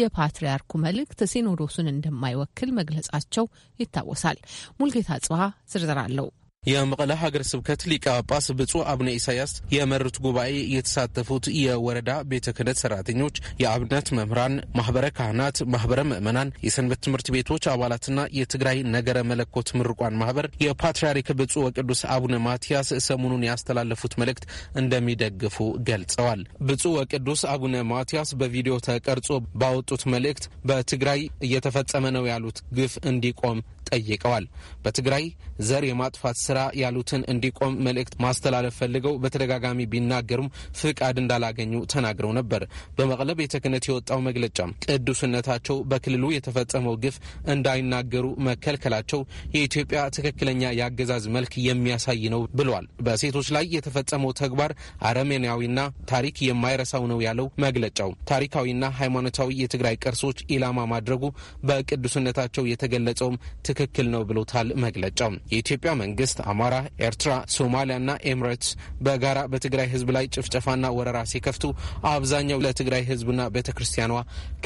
የፓትርያርኩ መልእክት ሲኖዶሱን እንደማይወክል መግለጻቸው ይታወሳል። ሙልጌታ ጽዋ ዝርዝር አለው። የመቀለ ሀገር ስብከት ሊቀ ጳጳስ ብፁዕ አቡነ ኢሳያስ የመሩት ጉባኤ የተሳተፉት የወረዳ ቤተ ክህነት ሰራተኞች፣ የአብነት መምህራን፣ ማህበረ ካህናት፣ ማህበረ ምዕመናን፣ የሰንበት ትምህርት ቤቶች አባላትና የትግራይ ነገረ መለኮት ምርቋን ማህበር የፓትርያርክ ብፁዕ ወቅዱስ አቡነ ማትያስ ሰሞኑን ያስተላለፉት መልእክት እንደሚደግፉ ገልጸዋል። ብፁዕ ወቅዱስ አቡነ ማትያስ በቪዲዮ ተቀርጾ ባወጡት መልእክት በትግራይ እየተፈጸመ ነው ያሉት ግፍ እንዲቆም ጠይቀዋል። በትግራይ ዘር የማጥፋት ስራ ያሉትን እንዲቆም መልእክት ማስተላለፍ ፈልገው በተደጋጋሚ ቢናገሩም ፍቃድ እንዳላገኙ ተናግረው ነበር። በመቀለ ቤተ ክህነት የወጣው መግለጫ ቅዱስነታቸው በክልሉ የተፈጸመው ግፍ እንዳይናገሩ መከልከላቸው የኢትዮጵያ ትክክለኛ የአገዛዝ መልክ የሚያሳይ ነው ብሏል። በሴቶች ላይ የተፈጸመው ተግባር አረመኔያዊና ታሪክ የማይረሳው ነው ያለው መግለጫው ታሪካዊና ሃይማኖታዊ የትግራይ ቅርሶች ኢላማ ማድረጉ በቅዱስነታቸው የተገለጸውም ትክክል ነው ብሎታል። መግለጫው የኢትዮጵያ መንግስት አማራ፣ ኤርትራ፣ ሶማሊያና ኤምሬትስ በጋራ በትግራይ ህዝብ ላይ ጭፍጨፋና ወረራ ሲከፍቱ አብዛኛው ለትግራይ ህዝብና ቤተ ክርስቲያኗ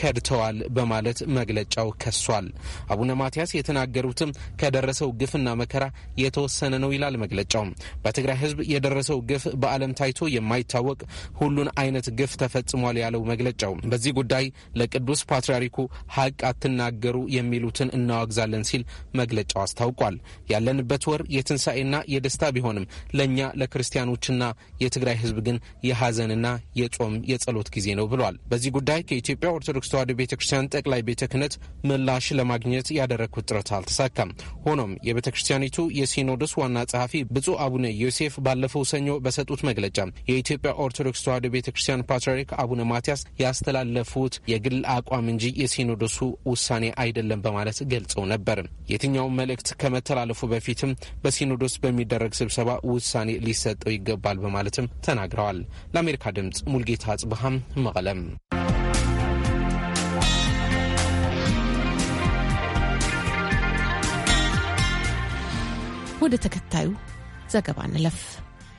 ከድተዋል በማለት መግለጫው ከሷል። አቡነ ማትያስ የተናገሩትም ከደረሰው ግፍና መከራ የተወሰነ ነው ይላል መግለጫው። በትግራይ ህዝብ የደረሰው ግፍ በዓለም ታይቶ የማይታወቅ ሁሉን አይነት ግፍ ተፈጽሟል ያለው መግለጫው በዚህ ጉዳይ ለቅዱስ ፓትርያርኩ ሀቅ አትናገሩ የሚሉትን እናወግዛለን ሲል መግለጫው አስታውቋል። ያለንበት ወር የትንሳ የትንሣኤና የደስታ ቢሆንም ለእኛ ለክርስቲያኖችና የትግራይ ህዝብ ግን የሐዘንና የጾም የጸሎት ጊዜ ነው ብሏል። በዚህ ጉዳይ ከኢትዮጵያ ኦርቶዶክስ ተዋሕዶ ቤተ ክርስቲያን ጠቅላይ ቤተ ክህነት ምላሽ ለማግኘት ያደረግኩት ጥረት አልተሳካም። ሆኖም የቤተ ክርስቲያኒቱ የሲኖዶስ ዋና ጸሐፊ ብፁዕ አቡነ ዮሴፍ ባለፈው ሰኞ በሰጡት መግለጫ የኢትዮጵያ ኦርቶዶክስ ተዋሕዶ ቤተ ክርስቲያን ፓትርያርክ አቡነ ማትያስ ያስተላለፉት የግል አቋም እንጂ የሲኖዶሱ ውሳኔ አይደለም በማለት ገልጸው ነበር። የትኛውም መልእክት ከመተላለፉ በፊትም በሲኖ ሲኖዶስ በሚደረግ ስብሰባ ውሳኔ ሊሰጠው ይገባል በማለትም ተናግረዋል። ለአሜሪካ ድምፅ ሙልጌታ አጽብሃም መቀለም። ወደ ተከታዩ ዘገባ እንለፍ።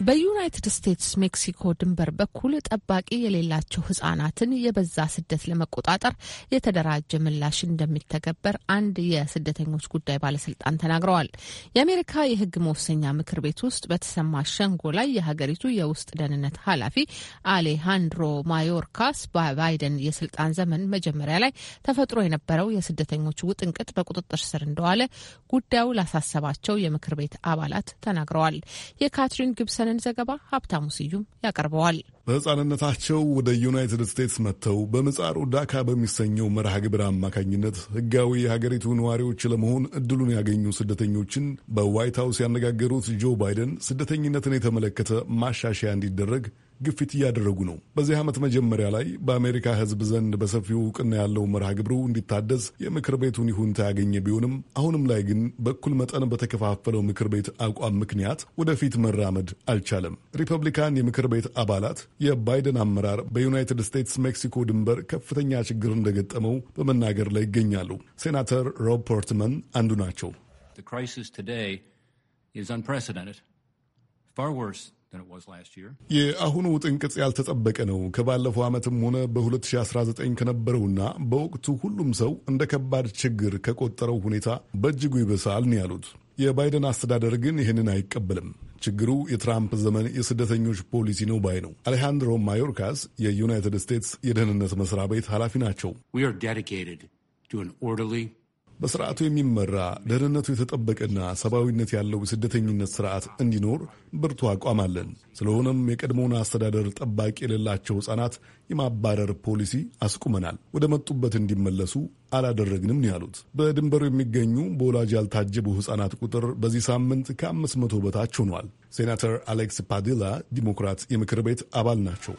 በዩናይትድ ስቴትስ ሜክሲኮ ድንበር በኩል ጠባቂ የሌላቸው ህጻናትን የበዛ ስደት ለመቆጣጠር የተደራጀ ምላሽ እንደሚተገበር አንድ የስደተኞች ጉዳይ ባለስልጣን ተናግረዋል። የአሜሪካ የህግ መወሰኛ ምክር ቤት ውስጥ በተሰማ ሸንጎ ላይ የሀገሪቱ የውስጥ ደህንነት ኃላፊ አሌሃንድሮ ማዮርካስ በባይደን የስልጣን ዘመን መጀመሪያ ላይ ተፈጥሮ የነበረው የስደተኞች ውጥንቅጥ በቁጥጥር ስር እንደዋለ ጉዳዩ ላሳሰባቸው የምክር ቤት አባላት ተናግረዋል። የካትሪን ግብሰን የተላለፈንን ዘገባ ሀብታሙ ስዩም ያቀርበዋል። በሕፃንነታቸው ወደ ዩናይትድ ስቴትስ መጥተው በምጻሩ ዳካ በሚሰኘው መርሃ ግብር አማካኝነት ሕጋዊ የሀገሪቱ ነዋሪዎች ለመሆን እድሉን ያገኙ ስደተኞችን በዋይት ሀውስ ያነጋገሩት ጆ ባይደን ስደተኝነትን የተመለከተ ማሻሻያ እንዲደረግ ግፊት እያደረጉ ነው። በዚህ ዓመት መጀመሪያ ላይ በአሜሪካ ሕዝብ ዘንድ በሰፊው እውቅና ያለው መርሃ ግብሩ እንዲታደስ የምክር ቤቱን ይሁንታ ያገኘ ቢሆንም አሁንም ላይ ግን በእኩል መጠን በተከፋፈለው ምክር ቤት አቋም ምክንያት ወደፊት መራመድ አልቻለም። ሪፐብሊካን የምክር ቤት አባላት የባይደን አመራር በዩናይትድ ስቴትስ ሜክሲኮ ድንበር ከፍተኛ ችግር እንደገጠመው በመናገር ላይ ይገኛሉ። ሴናተር ሮብ ፖርትመን አንዱ ናቸው። የአሁኑ ጥንቅጽ ያልተጠበቀ ነው። ከባለፈው ዓመትም ሆነ በ2019 ከነበረውና በወቅቱ ሁሉም ሰው እንደ ከባድ ችግር ከቆጠረው ሁኔታ በእጅጉ ይበሳል ነው ያሉት። የባይደን አስተዳደር ግን ይህንን አይቀበልም። ችግሩ የትራምፕ ዘመን የስደተኞች ፖሊሲ ነው ባይ ነው። አሌሃንድሮ ማዮርካስ የዩናይትድ ስቴትስ የደህንነት መስሪያ ቤት ኃላፊ ናቸው። በስርዓቱ የሚመራ ደህንነቱ የተጠበቀና ሰብአዊነት ያለው የስደተኝነት ስርዓት እንዲኖር ብርቱ አቋም አለን። ስለሆነም የቀድሞውን አስተዳደር ጠባቂ የሌላቸው ሕፃናት የማባረር ፖሊሲ አስቁመናል። ወደ መጡበት እንዲመለሱ አላደረግንም ነው ያሉት። በድንበሩ የሚገኙ በወላጅ ያልታጀቡ ሕፃናት ቁጥር በዚህ ሳምንት ከአምስት መቶ በታች ሆኗል። ሴናተር አሌክስ ፓዴላ ዲሞክራት የምክር ቤት አባል ናቸው።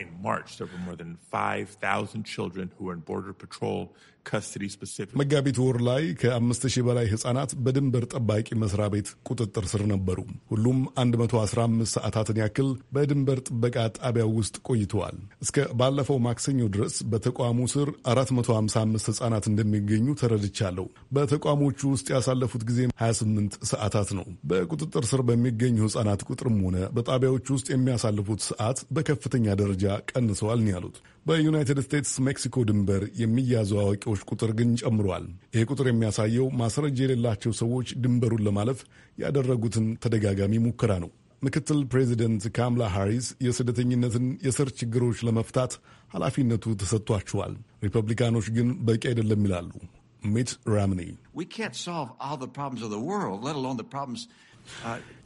መጋቢት ወር ላይ ከአምስት ሺህ በላይ ህጻናት በድንበር ጠባቂ መስሪያ ቤት ቁጥጥር ስር ነበሩ። ሁሉም 115 ሰዓታትን ያክል በድንበር ጥበቃ ጣቢያ ውስጥ ቆይተዋል። እስከ ባለፈው ማክሰኞ ድረስ በተቋሙ ስር 455 ህጻናት እንደሚገኙ ተረድቻለሁ። በተቋሞቹ ውስጥ ያሳለፉት ጊዜ 28 ሰዓታት ነው። በቁጥጥር ስር በሚገኙ ህጻናት ቁጥርም ሆነ በጣቢያዎቹ ውስጥ የሚያሳልፉት ሰዓት በከፍተኛ ደረጃ ቀንሰዋል ያሉት። በዩናይትድ ስቴትስ ሜክሲኮ ድንበር የሚያዙ አዋቂዎች ቁጥር ግን ጨምሯል። ይህ ቁጥር የሚያሳየው ማስረጃ የሌላቸው ሰዎች ድንበሩን ለማለፍ ያደረጉትን ተደጋጋሚ ሙከራ ነው። ምክትል ፕሬዚደንት ካምላ ሃሪስ የስደተኝነትን የስር ችግሮች ለመፍታት ኃላፊነቱ ተሰጥቷቸዋል። ሪፐብሊካኖች ግን በቂ አይደለም ይላሉ። ሚት ራምኒ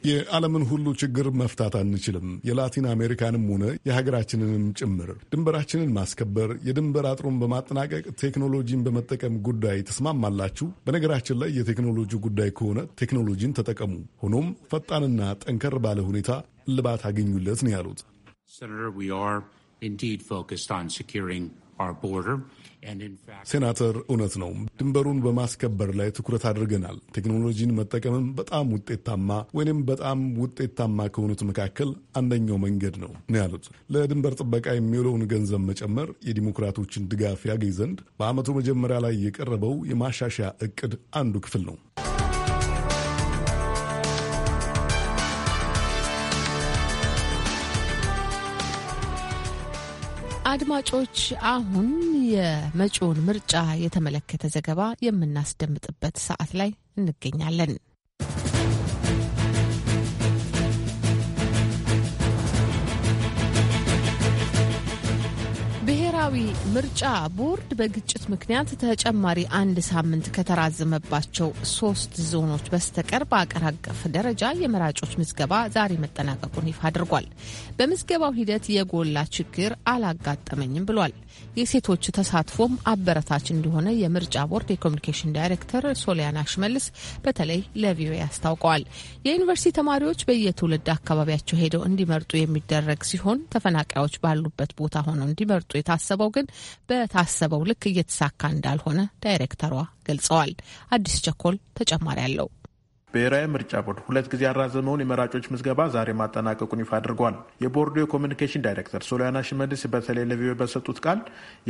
የዓለምን ሁሉ ችግር መፍታት አንችልም። የላቲን አሜሪካንም ሆነ የሀገራችንንም ጭምር ድንበራችንን ማስከበር፣ የድንበር አጥሩን በማጠናቀቅ ቴክኖሎጂን በመጠቀም ጉዳይ ተስማማላችሁ? በነገራችን ላይ የቴክኖሎጂ ጉዳይ ከሆነ ቴክኖሎጂን ተጠቀሙ። ሆኖም ፈጣንና ጠንከር ባለ ሁኔታ እልባት አገኙለት ነው ያሉት። ሴናተር እውነት ነው። ድንበሩን በማስከበር ላይ ትኩረት አድርገናል። ቴክኖሎጂን መጠቀምም በጣም ውጤታማ ወይም በጣም ውጤታማ ከሆኑት መካከል አንደኛው መንገድ ነው ነው ያሉት። ለድንበር ጥበቃ የሚውለውን ገንዘብ መጨመር የዲሞክራቶችን ድጋፍ ያገኝ ዘንድ በዓመቱ መጀመሪያ ላይ የቀረበው የማሻሻያ እቅድ አንዱ ክፍል ነው። አድማጮች አሁን የመጪውን ምርጫ የተመለከተ ዘገባ የምናስደምጥበት ሰዓት ላይ እንገኛለን። ብሔራዊ ምርጫ ቦርድ በግጭት ምክንያት ተጨማሪ አንድ ሳምንት ከተራዘመባቸው ሶስት ዞኖች በስተቀር በአገር አቀፍ ደረጃ የመራጮች ምዝገባ ዛሬ መጠናቀቁን ይፋ አድርጓል። በምዝገባው ሂደት የጎላ ችግር አላጋጠመኝም ብሏል። የሴቶች ተሳትፎም አበረታች እንደሆነ የምርጫ ቦርድ የኮሚኒኬሽን ዳይሬክተር ሶሊያና ሽመልስ በተለይ ለቪኦኤ አስታውቀዋል። የዩኒቨርሲቲ ተማሪዎች በየትውልድ አካባቢያቸው ሄደው እንዲመርጡ የሚደረግ ሲሆን ተፈናቃዮች ባሉበት ቦታ ሆነው እንዲመርጡ የታሰበው ግን በታሰበው ልክ እየተሳካ እንዳልሆነ ዳይሬክተሯ ገልጸዋል። አዲስ ቸኮል ተጨማሪ አለው። ብሔራዊ ምርጫ ቦርድ ሁለት ጊዜ ያራዘመውን የመራጮች ምዝገባ ዛሬ ማጠናቀቁን ይፋ አድርጓል። የቦርዱ የኮሚኒኬሽን ዳይሬክተር ሶሊያና ሽመልስ በተለይ ለቪኦኤ በሰጡት ቃል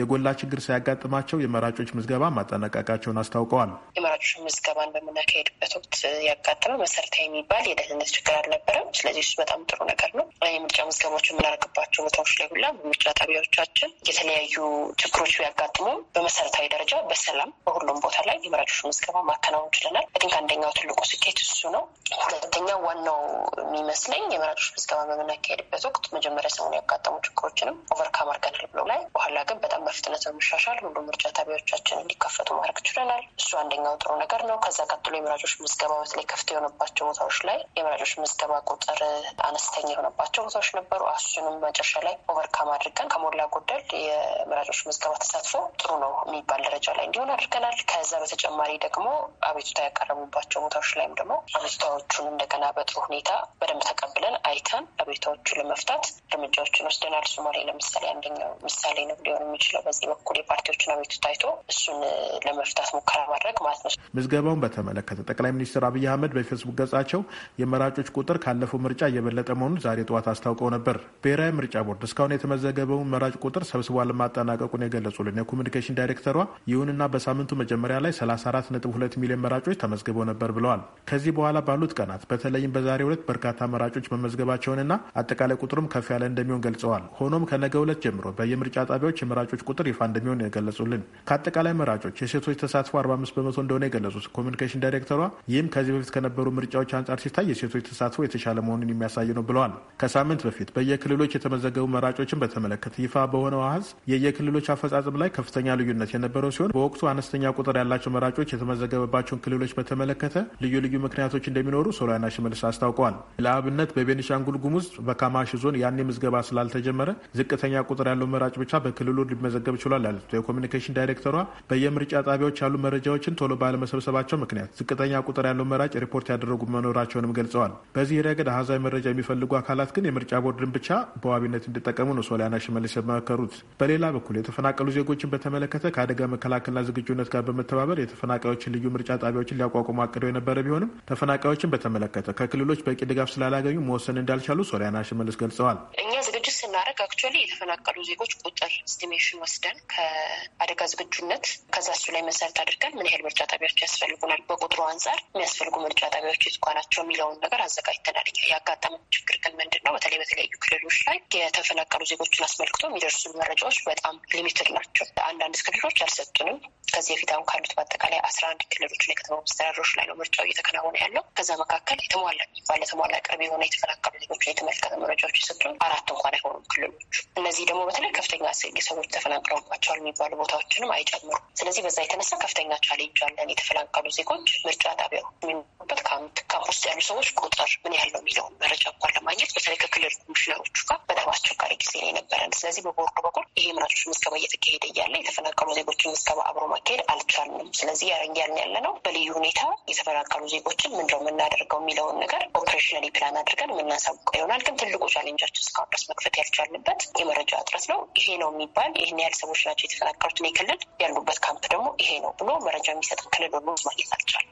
የጎላ ችግር ሳያጋጥማቸው የመራጮች ምዝገባ ማጠናቀቃቸውን አስታውቀዋል። የመራጮች ምዝገባን በምናካሄድበት ወቅት ያጋጠመ መሰረታዊ የሚባል የደህንነት ችግር አልነበረም። ስለዚህ እሱ በጣም ጥሩ ነገር ነው። የምርጫ ምዝገባዎች የምናደርግባቸው ቦታዎች ላይ ሁላ ምርጫ ጣቢያዎቻችን የተለያዩ ችግሮች ቢያጋጥሙ በመሰረታዊ ደረጃ በሰላም በሁሉም ቦታ ላይ የመራጮች ምዝገባ ማከናወን ችለናል። አንደኛው ትልቁ ስኬት ውጤት እሱ ነው። ሁለተኛው ዋናው የሚመስለኝ የመራጮች ምዝገባ በምናካሄድበት ወቅት መጀመሪያ ሰሞኑን ያጋጠሙ ችግሮችንም ኦቨርካም አድርገናል ብሎ ላይ በኋላ ግን በጣም በፍጥነት በመሻሻል ሁሉም ምርጫ ጣቢያዎቻችን እንዲከፈቱ ማድረግ ችለናል። እሱ አንደኛው ጥሩ ነገር ነው። ከዛ ቀጥሎ የመራጮች ምዝገባ በተለይ ክፍት የሆነባቸው ቦታዎች ላይ የመራጮች ምዝገባ ቁጥር አነስተኛ የሆነባቸው ቦታዎች ነበሩ። እሱንም መጨረሻ ላይ ኦቨርካም አድርገን ከሞላ ጎደል የመራጮች ምዝገባ ተሳትፎ ጥሩ ነው የሚባል ደረጃ ላይ እንዲሆን አድርገናል። ከዛ በተጨማሪ ደግሞ አቤቱታ ያቀረቡባቸው ቦታዎች ላይም ገምግመው አቤቱታዎቹን እንደገና በጥሩ ሁኔታ በደንብ ተቀብለን አይተን አቤቱታዎቹ ለመፍታት እርምጃዎችን ወስደናል። ሶማሌ ለምሳሌ አንደኛው ምሳሌ ነው ሊሆን የሚችለው በዚህ በኩል የፓርቲዎችን አቤቱታ አይቶ እሱን ለመፍታት ሙከራ ማድረግ ማለት ነው። ምዝገባውን በተመለከተ ጠቅላይ ሚኒስትር አብይ አህመድ በፌስቡክ ገጻቸው የመራጮች ቁጥር ካለፈው ምርጫ እየበለጠ መሆኑን ዛሬ ጠዋት አስታውቀው ነበር። ብሔራዊ ምርጫ ቦርድ እስካሁን የተመዘገበውን መራጭ ቁጥር ሰብስቧ ለማጠናቀቁን የገለጹልን የኮሚኒኬሽን ዳይሬክተሯ ይሁንና በሳምንቱ መጀመሪያ ላይ 34.2 ሚሊዮን መራጮች ተመዝግበው ነበር ብለዋል። ከዚህ በኋላ ባሉት ቀናት በተለይም በዛሬው ዕለት በርካታ መራጮች መመዝገባቸውንና አጠቃላይ ቁጥሩም ከፍ ያለ እንደሚሆን ገልጸዋል። ሆኖም ከነገ ዕለት ጀምሮ በየምርጫ ጣቢያዎች የመራጮች ቁጥር ይፋ እንደሚሆን የገለጹልን ከአጠቃላይ መራጮች የሴቶች ተሳትፎ 45 በመቶ እንደሆነ የገለጹት ኮሚኒኬሽን ዳይሬክተሯ ይህም ከዚህ በፊት ከነበሩ ምርጫዎች አንጻር ሲታይ የሴቶች ተሳትፎ የተሻለ መሆኑን የሚያሳይ ነው ብለዋል። ከሳምንት በፊት በየክልሎች የተመዘገቡ መራጮችን በተመለከተ ይፋ በሆነው አሀዝ የየክልሎች አፈጻጽም ላይ ከፍተኛ ልዩነት የነበረው ሲሆን በወቅቱ አነስተኛ ቁጥር ያላቸው መራጮች የተመዘገበባቸውን ክልሎች በተመለከተ ልዩ ልዩ የተለያዩ ምክንያቶች እንደሚኖሩ ሶሊያና ሽመልስ አስታውቀዋል። ለአብነት በቤኒሻንጉል ጉሙዝ በካማሽ ዞን ያኔ ምዝገባ ስላልተጀመረ ዝቅተኛ ቁጥር ያለው መራጭ ብቻ በክልሉ ሊመዘገብ ችሏል ያሉት የኮሚኒኬሽን ዳይሬክተሯ በየምርጫ ጣቢያዎች ያሉ መረጃዎችን ቶሎ ባለመሰብሰባቸው ምክንያት ዝቅተኛ ቁጥር ያለው መራጭ ሪፖርት ያደረጉ መኖራቸውንም ገልጸዋል። በዚህ ረገድ አሃዛዊ መረጃ የሚፈልጉ አካላት ግን የምርጫ ቦርድን ብቻ በዋቢነት እንዲጠቀሙ ነው ሶሊያና ሽመልስ የመከሩት። በሌላ በኩል የተፈናቀሉ ዜጎችን በተመለከተ ከአደጋ መከላከልና ዝግጁነት ጋር በመተባበር የተፈናቃዮችን ልዩ ምርጫ ጣቢያዎችን ሊያቋቁሙ አቅደው የነበረ ቢሆንም ቢሆንም ተፈናቃዮችን በተመለከተ ከክልሎች በቂ ድጋፍ ስላላገኙ መወሰን እንዳልቻሉ ሶሊያና ሽመልስ ገልጸዋል። እኛ ዝግጅት ስናደርግ አክቹዋሊ የተፈናቀሉ ዜጎች ቁጥር ኤስቲሜሽን ወስደን ከአደጋ ዝግጁነት ከዛ እሱ ላይ መሰረት አድርገን ምን ያህል ምርጫ ጣቢያዎች ያስፈልጉናል፣ በቁጥሩ አንጻር የሚያስፈልጉ ምርጫ ጣቢያዎች የቱ ናቸው የሚለውን ነገር አዘጋጅተናል። ያጋጠመው ችግር ግን ምንድን ነው? በተለይ በተለያዩ ክልሎች ላይ የተፈናቀሉ ዜጎችን አስመልክቶ የሚደርሱ መረጃዎች በጣም ሊሚትድ ናቸው። አንዳንድ ክልሎች አልሰጡንም። ከዚህ በፊት አሁን ካሉት በአጠቃላይ አስራ አንድ ክልሎች ላይ ከተማ መስተዳድሮች ላይ ነው ምርጫው እየተከ እየተከናወነ ያለው። ከዛ መካከል የተሟላ የሚባል የተሟላ ቅርብ የሆነ የተፈናቀሉ ዜጎች የተመለከተ መረጃዎች የሰጡን አራት እንኳን አይሆኑም ክልሎች። እነዚህ ደግሞ በተለይ ከፍተኛ ሰዎች ተፈናቅለውባቸዋል የሚባሉ ቦታዎችንም አይጨምሩም። ስለዚህ በዛ የተነሳ ከፍተኛ ቻሌንጅ አለን። የተፈናቀሉ ዜጎች ምርጫ ጣቢያው የሚኖሩበት ካምፕ ውስጥ ያሉ ሰዎች ቁጥር ምን ያለው የሚለውን መረጃ እንኳን ለማግኘት በተለይ ከክልል ኮሚሽነሮቹ ጋር በጣም አስቸጋሪ ጊዜ ነው የነበረን። ስለዚህ በቦርዱ በኩል ይሄ ምራቾች ምዝገባ እየተካሄደ እያለ የተፈናቀሉ ዜጎችን ምዝገባ አብሮ ማካሄድ አልቻልንም። ስለዚህ ያረንጊያልን ያለ ነው በልዩ ሁኔታ የተፈናቀሉ ዜ ዜጎችን ምንድ የምናደርገው የሚለውን ነገር ኦፕሬሽናሊ ፕላን አድርገን የምናሳውቀው ይሆናል። ግን ትልቁ ቻሌንጃችን እስካሁን ድረስ መክፈት ያልቻልንበት የመረጃ እጥረት ነው። ይሄ ነው የሚባል ይህን ያህል ሰዎች ናቸው የተፈናቀሉት፣ እኔ ክልል ያሉበት ካምፕ ደግሞ ይሄ ነው ብሎ መረጃ የሚሰጥን ክልል ሁሉ ማግኘት አልቻል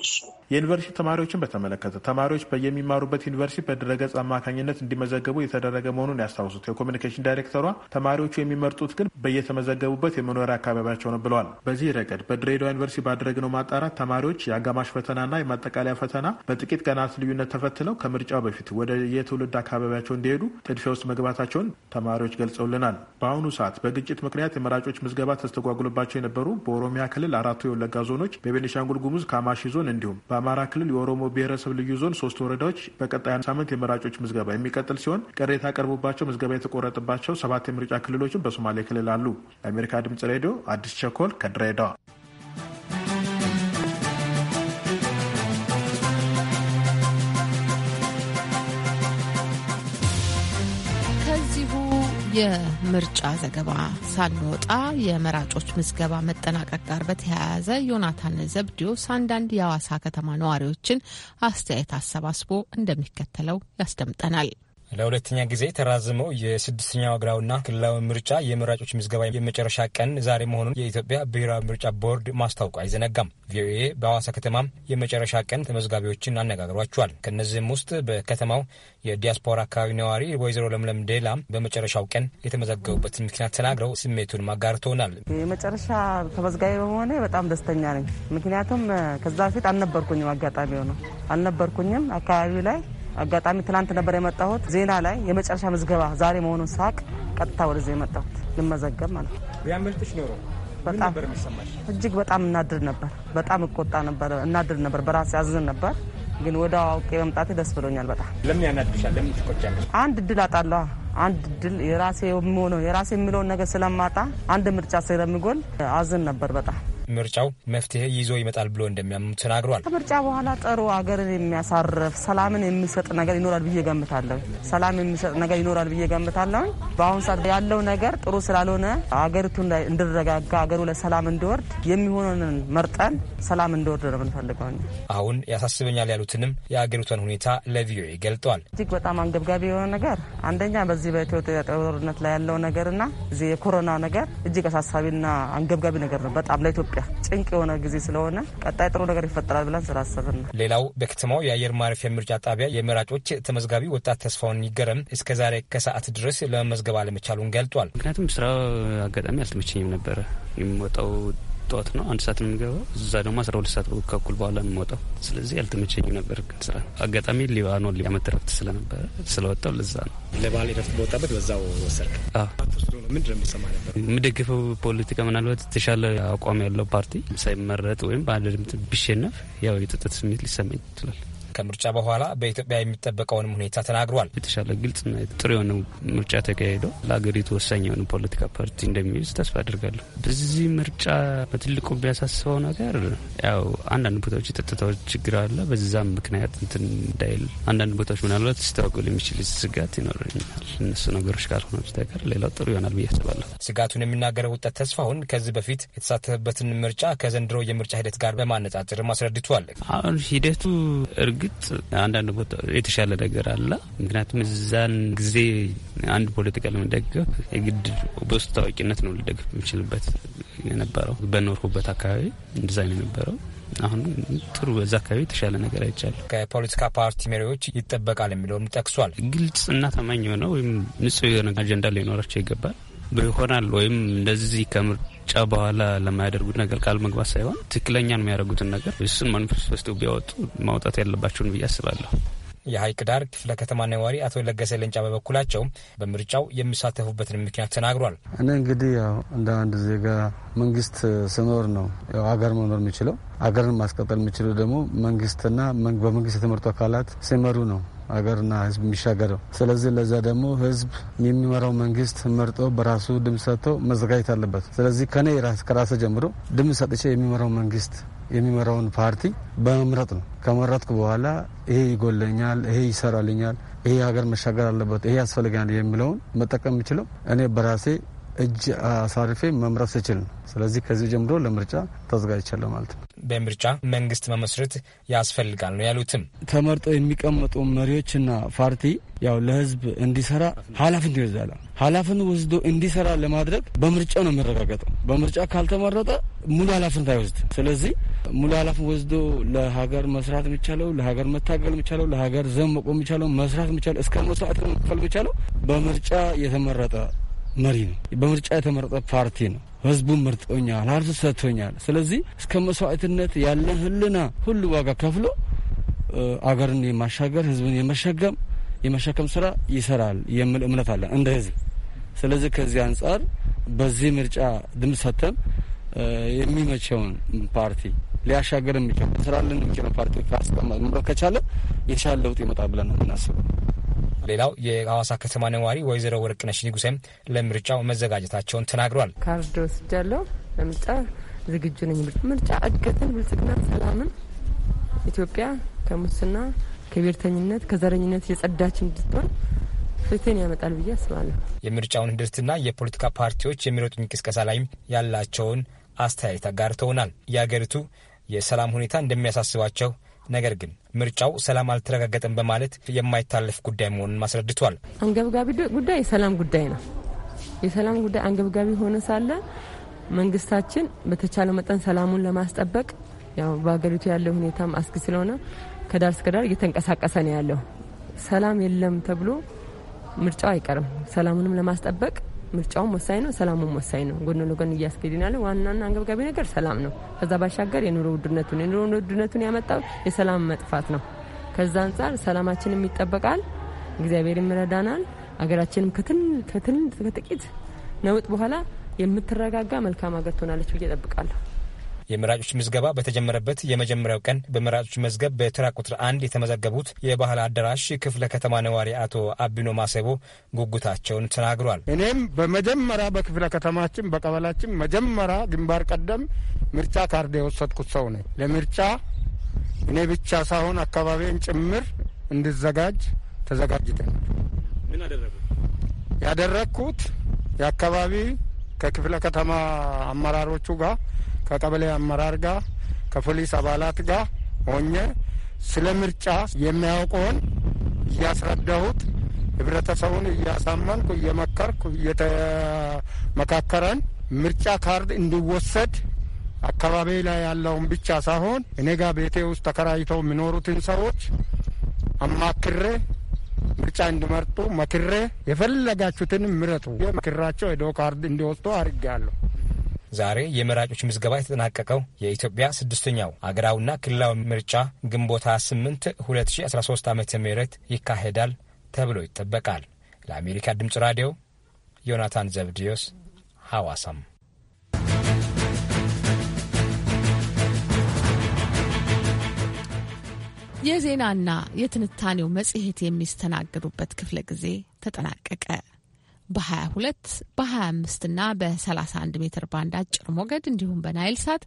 ናቸው። እሱ የዩኒቨርሲቲ ተማሪዎችን በተመለከተ ተማሪዎች በየሚማሩበት ዩኒቨርሲቲ በድረገጽ አማካኝነት እንዲመዘገቡ የተደረገ መሆኑን ያስታውሱት የኮሚኒኬሽን ዳይሬክተሯ ተማሪዎቹ የሚመርጡት ግን በየተመዘገቡበት የመኖሪያ አካባቢያቸው ነው ብለዋል። በዚህ ረገድ በድሬዳዋ ዩኒቨርሲቲ ባደረግነው ማጣራት ተማሪዎች የአጋማሽ ፈተናና የማጠቃለያ ፈተና በጥቂት ቀናት ልዩነት ተፈትነው ከምርጫው በፊት ወደ የትውልድ አካባቢያቸው እንዲሄዱ ጥድፊያ ውስጥ መግባታቸውን ተማሪዎች ገልጸውልናል። በአሁኑ ሰዓት በግጭት ምክንያት የመራጮች ምዝገባ ተስተጓጉሎባቸው የነበሩ በኦሮሚያ ክልል አራቱ የወለጋ ዞኖች፣ በቤኒሻንጉል ጉሙዝ ካማሺ ዞን ዞን እንዲሁም በአማራ ክልል የኦሮሞ ብሔረሰብ ልዩ ዞን ሶስት ወረዳዎች በቀጣይ ሳምንት የመራጮች ምዝገባ የሚቀጥል ሲሆን ቅሬታ ቀርቦባቸው ምዝገባ የተቆረጠባቸው ሰባት የምርጫ ክልሎችም በሶማሌ ክልል አሉ። ለአሜሪካ ድምጽ ሬዲዮ አዲስ ቸኮል ከድሬዳዋ የምርጫ ዘገባ ሳንወጣ የመራጮች ምዝገባ መጠናቀቅ ጋር በተያያዘ ዮናታን ዘብዲዮስ አንዳንድ የአዋሳ ከተማ ነዋሪዎችን አስተያየት አሰባስቦ እንደሚከተለው ያስደምጠናል። ለሁለተኛ ጊዜ ተራዝመው የስድስተኛው አገራዊና ክልላዊ ምርጫ የመራጮች ምዝገባ የመጨረሻ ቀን ዛሬ መሆኑን የኢትዮጵያ ብሔራዊ ምርጫ ቦርድ ማስታወቁ አይዘነጋም። ቪኦኤ በሐዋሳ ከተማም የመጨረሻ ቀን ተመዝጋቢዎችን አነጋግሯቸዋል። ከእነዚህም ውስጥ በከተማው የዲያስፖራ አካባቢ ነዋሪ ወይዘሮ ለምለም ዴላ በመጨረሻው ቀን የተመዘገቡበት ምክንያት ተናግረው ስሜቱን ማጋርተውናል። የመጨረሻ ተመዝጋቢ በመሆኔ በጣም ደስተኛ ነኝ። ምክንያቱም ከዛ በፊት አልነበርኩኝም፣ አጋጣሚ ሆነው አልነበርኩኝም አካባቢው ላይ አጋጣሚ ትናንት ነበር የመጣሁት። ዜና ላይ የመጨረሻ ምዝገባ ዛሬ መሆኑን ሳቅ ቀጥታ ወደዚህ የመጣሁት ልመዘገብ ማለት ነው። ቢያመልጥሽ ኖሮ በጣም እጅግ በጣም እናድር ነበር። በጣም እቆጣ ነበር፣ እናድር ነበር፣ በራሴ አዝን ነበር። ግን ወደ አውቄ መምጣቴ ደስ ብሎኛል በጣም። ለምን ያናድሻል? ለምን ትቆጫለሽ? አንድ እድል አጣለሁ። አንድ እድል የራሴ የሚሆነው የራሴ የሚለውን ነገር ስለማጣ አንድ ምርጫ ስለሚጎል አዝን ነበር በጣም ምርጫው መፍትሄ ይዞ ይመጣል ብሎ እንደሚያምኑ ተናግሯል። ከምርጫ በኋላ ጥሩ አገርን የሚያሳርፍ ሰላምን የሚሰጥ ነገር ይኖራል ብዬ ገምታለሁ። ሰላም የሚሰጥ ነገር ይኖራል ብዬ ገምታለሁ። በአሁኑ ሰዓት ያለው ነገር ጥሩ ስላልሆነ አገሪቱ እንድረጋጋ፣ አገሩ ለሰላም እንዲወርድ የሚሆነንን መርጠን ሰላም እንዲወርድ ነው የምንፈልገው። አሁን ያሳስበኛል ያሉትንም የአገሪቷን ሁኔታ ለቪኦኤ ገልጠዋል። እጅግ በጣም አንገብጋቢ የሆነ ነገር አንደኛ በዚህ በኢትዮጵያ ጦርነት ላይ ያለው ነገርና የኮሮና ነገር እጅግ አሳሳቢና አንገብጋቢ ነገር ነው በጣም ለኢትዮጵያ ለኢትዮጵያ ጭንቅ የሆነ ጊዜ ስለሆነ ቀጣይ ጥሩ ነገር ይፈጠራል ብለን ስላሰብን ነው። ሌላው በከተማው የአየር ማረፊያ ምርጫ ጣቢያ የመራጮች ተመዝጋቢ ወጣት ተስፋውን ይገረም እስከ ዛሬ ከሰዓት ድረስ ለመመዝገብ አለመቻሉን ገልጧል። ምክንያቱም ስራ አጋጣሚ አልተመቸኝም ነበረ የምወጣው ጠዋት ነው አንድ ሰዓት የሚገባው። እዛ ደግሞ አስራ ሁለት ሰዓት ከኩል በኋላ የሚወጣው። ስለዚህ ያልተመቸኝም ነበር ስራ አጋጣሚ ሊባኖን ሊያመት ረፍት ስለነበረ ስለወጣው ለዛ ነው ለባህል ረፍት በወጣበት በዛው ወሰድክ። ምንድን ነው የምደግፈው ፖለቲካ ምናልባት የተሻለ አቋም ያለው ፓርቲ ሳይመረጥ ወይም በአንድ ድምፅ ቢሸነፍ ያው የጥጠት ስሜት ሊሰማኝ ይችላል። ከምርጫ በኋላ በኢትዮጵያ የሚጠበቀውንም ሁኔታ ተናግሯል። የተሻለ ግልጽና ጥሩ የሆነ ምርጫ ተካሄደው ለሀገሪቱ ወሳኝ የሆነ ፖለቲካ ፓርቲ እንደሚይዝ ተስፋ አድርጋለሁ። በዚህ ምርጫ በትልቁ ቢያሳስበው ነገር ያው አንዳንድ ቦታዎች የጸጥታዎች ችግር አለ። በዛም ምክንያት እንትን እንዳይል አንዳንድ ቦታዎች ምናልባት ሲታወቁል የሚችል ስጋት ይኖረኛል። እነሱ ነገሮች ካልሆነ በስተቀር ሌላው ጥሩ ይሆናል ብዬ አስባለሁ። ስጋቱን የሚናገረው ወጣት ተስፋሁን ከዚህ በፊት የተሳተፈበትን ምርጫ ከዘንድሮ የምርጫ ሂደት ጋር በማነጻጸር አስረድቷል። አሁን ሂደቱ እርግ በእርግጥ አንዳንድ ቦታ የተሻለ ነገር አለ። ምክንያቱም እዛን ጊዜ አንድ ፖለቲካ ለመደገፍ የግድ በውስጥ ታዋቂነት ነው ልደገፍ የምችልበት የነበረው በኖርኩበት አካባቢ እንዲዛይን የነበረው። አሁን ጥሩ በዛ አካባቢ የተሻለ ነገር አይቻለሁ። ከፖለቲካ ፓርቲ መሪዎች ይጠበቃል የሚለውም ጠቅሷል። ግልጽ እና ታማኝ የሆነ ወይም ንጹህ የሆነ አጀንዳ ሊኖራቸው ይገባል። ይሆናል ወይም እንደዚህ ከምር ጫ በኋላ ለማያደርጉት ነገር ቃል መግባት ሳይሆን ትክክለኛ ነው የሚያደርጉትን ነገር እሱን መንፈስ ቢያወጡ ማውጣት ያለባቸውን ብዬ አስባለሁ። የሀይቅ ዳር ክፍለ ከተማ ነዋሪ አቶ ለገሰ ለንጫ በበኩላቸው በምርጫው የሚሳተፉበትን ምክንያት ተናግሯል። እኔ እንግዲህ ያው እንደ አንድ ዜጋ መንግስት ስኖር ነው ያው ሀገር መኖር የሚችለው ሀገርን ማስቀጠል የሚችለው ደግሞ መንግስትና በመንግስት የተመረጡ አካላት ሲመሩ ነው። ሀገርና ህዝብ የሚሻገረው። ስለዚህ ለዛ ደግሞ ህዝብ የሚመራው መንግስት መርጦ በራሱ ድምፅ ሰጥቶ መዘጋጀት አለበት። ስለዚህ ከኔ ከራሴ ጀምሮ ድምፅ ሰጥቼ የሚመራው መንግስት የሚመራውን ፓርቲ በመምረጥ ነው። ከመረጥኩ በኋላ ይሄ ይጎለኛል፣ ይሄ ይሰራልኛል፣ ይሄ ሀገር መሻገር አለበት፣ ይሄ ያስፈልገኛል የሚለውን መጠቀም የምችለው እኔ በራሴ እጅ አሳርፌ መምረጥ ስችል ነው። ስለዚህ ከዚህ ጀምሮ ለምርጫ ተዘጋጅቻለሁ ማለት ነው። በምርጫ መንግስት መመስረት ያስፈልጋል ነው ያሉትም። ተመርጠው የሚቀመጡ መሪዎችና ፓርቲ ያው ለህዝብ እንዲሰራ ኃላፊነት ይወስዳል። ኃላፊነት ወስዶ እንዲሰራ ለማድረግ በምርጫ ነው የሚረጋገጠው። በምርጫ ካልተመረጠ ሙሉ ኃላፊነት አይወስድም። ስለዚህ ሙሉ ኃላፊነት ወስዶ ለሀገር መስራት የሚቻለው ለሀገር መታገል የሚቻለው ለሀገር ዘመቆ የሚቻለው መስራት የሚቻለው እስከ መስዋዕት መክፈል የሚቻለው በምርጫ የተመረጠ መሪ ነው። በምርጫ የተመረጠ ፓርቲ ነው። ህዝቡን መርጦኛል፣ ሀብት ሰጥቶኛል። ስለዚህ እስከ መስዋዕትነት ያለ ህልና ሁሉ ዋጋ ከፍሎ አገርን የማሻገር ህዝብን የመሸገም የመሸከም ስራ ይሰራል የሚል እምነት አለን እንደ ህዝብ። ስለዚህ ከዚህ አንጻር በዚህ ምርጫ ድምፅ ሰጥተን የሚመቸውን ፓርቲ ሊያሻገር የሚችል ስራልን የሚችለው ፓርቲ ማምረት ከቻለ የተሻለ ለውጥ ይመጣ ብለን ነው የምናስበው። ሌላው የሐዋሳ ከተማ ነዋሪ ወይዘሮ ወርቅነሽ ንጉሴም ለምርጫው መዘጋጀታቸውን ተናግሯል። ካርድ ወስጃለሁ። ለምርጫ ዝግጁ ነኝ። ምርጫ እድገትን፣ ብልጽግና፣ ሰላምን ኢትዮጵያ ከሙስና ከብሔርተኝነት፣ ከዘረኝነት የጸዳች እንድትሆን ፍትህን ያመጣል ብዬ አስባለሁ። የምርጫውን ሂደትና የፖለቲካ ፓርቲዎች የሚሮጡኝ ቅስቀሳ ላይም ያላቸውን አስተያየት አጋርተውናል። የአገሪቱ የሰላም ሁኔታ እንደሚያሳስባቸው ነገር ግን ምርጫው ሰላም አልተረጋገጠም በማለት የማይታለፍ ጉዳይ መሆኑን አስረድቷል። አንገብጋቢ ጉዳይ የሰላም ጉዳይ ነው። የሰላም ጉዳይ አንገብጋቢ ሆነ ሳለ መንግስታችን በተቻለ መጠን ሰላሙን ለማስጠበቅ ያው በሀገሪቱ ያለው ሁኔታም አስጊ ስለሆነ ከዳር እስከ ዳር እየተንቀሳቀሰ ነው ያለው። ሰላም የለም ተብሎ ምርጫው አይቀርም። ሰላሙንም ለማስጠበቅ ምርጫውም ወሳኝ ነው፣ ሰላሙም ወሳኝ ነው። ጎን ለጎን እያስኬድን ያለ ዋናና አንገብጋቢ ነገር ሰላም ነው። ከዛ ባሻገር የኑሮ ውድነቱን የኑሮ ውድነቱን ያመጣው የሰላም መጥፋት ነው። ከዛ አንጻር ሰላማችንም ይጠበቃል፣ እግዚአብሔርም ይረዳናል። አገራችንም ከጥቂት ነውጥ በኋላ የምትረጋጋ መልካም ሀገር ትሆናለች ብዬ እጠብቃለሁ። የመራጮች ምዝገባ በተጀመረበት የመጀመሪያው ቀን በመራጮች መዝገብ በተራ ቁጥር አንድ የተመዘገቡት የባህል አዳራሽ ክፍለ ከተማ ነዋሪ አቶ አቢኖ ማሰቦ ጉጉታቸውን ተናግሯል። እኔም በመጀመሪያ በክፍለ ከተማችን በቀበላችን መጀመሪያ ግንባር ቀደም ምርጫ ካርድ የወሰድኩት ሰው ነኝ። ለምርጫ እኔ ብቻ ሳይሆን አካባቢን ጭምር እንድዘጋጅ ተዘጋጅተን ምን ያደረግኩት የአካባቢ ከክፍለ ከተማ አመራሮቹ ጋር ከቀበሌ አመራር ጋር ከፖሊስ አባላት ጋር ሆኜ ስለ ምርጫ የሚያውቀውን እያስረዳሁት ህብረተሰቡን እያሳመንኩ እየመከርኩ እየተመካከረን ምርጫ ካርድ እንዲወሰድ አካባቢ ላይ ያለውን ብቻ ሳይሆን እኔ ጋር ቤቴ ውስጥ ተከራይተው የሚኖሩትን ሰዎች አማክሬ ምርጫ እንዲመርጡ መክሬ የፈለጋችሁትን ምረጡ። ምክራቸው ሄዶ ካርድ እንዲወስዱ አድርጌያለሁ። ዛሬ የመራጮች ምዝገባ የተጠናቀቀው የኢትዮጵያ ስድስተኛው አገራዊና ክልላዊ ምርጫ ግንቦት 8 2013 ዓ ም ይካሄዳል ተብሎ ይጠበቃል። ለአሜሪካ ድምፅ ራዲዮ ዮናታን ዘብድዮስ ሐዋሳም። የዜናና የትንታኔው መጽሔት የሚስተናገዱበት ክፍለ ጊዜ ተጠናቀቀ። በ22 በ25 እና በ31 ሜትር ባንድ አጭር ሞገድ እንዲሁም በናይል ሳት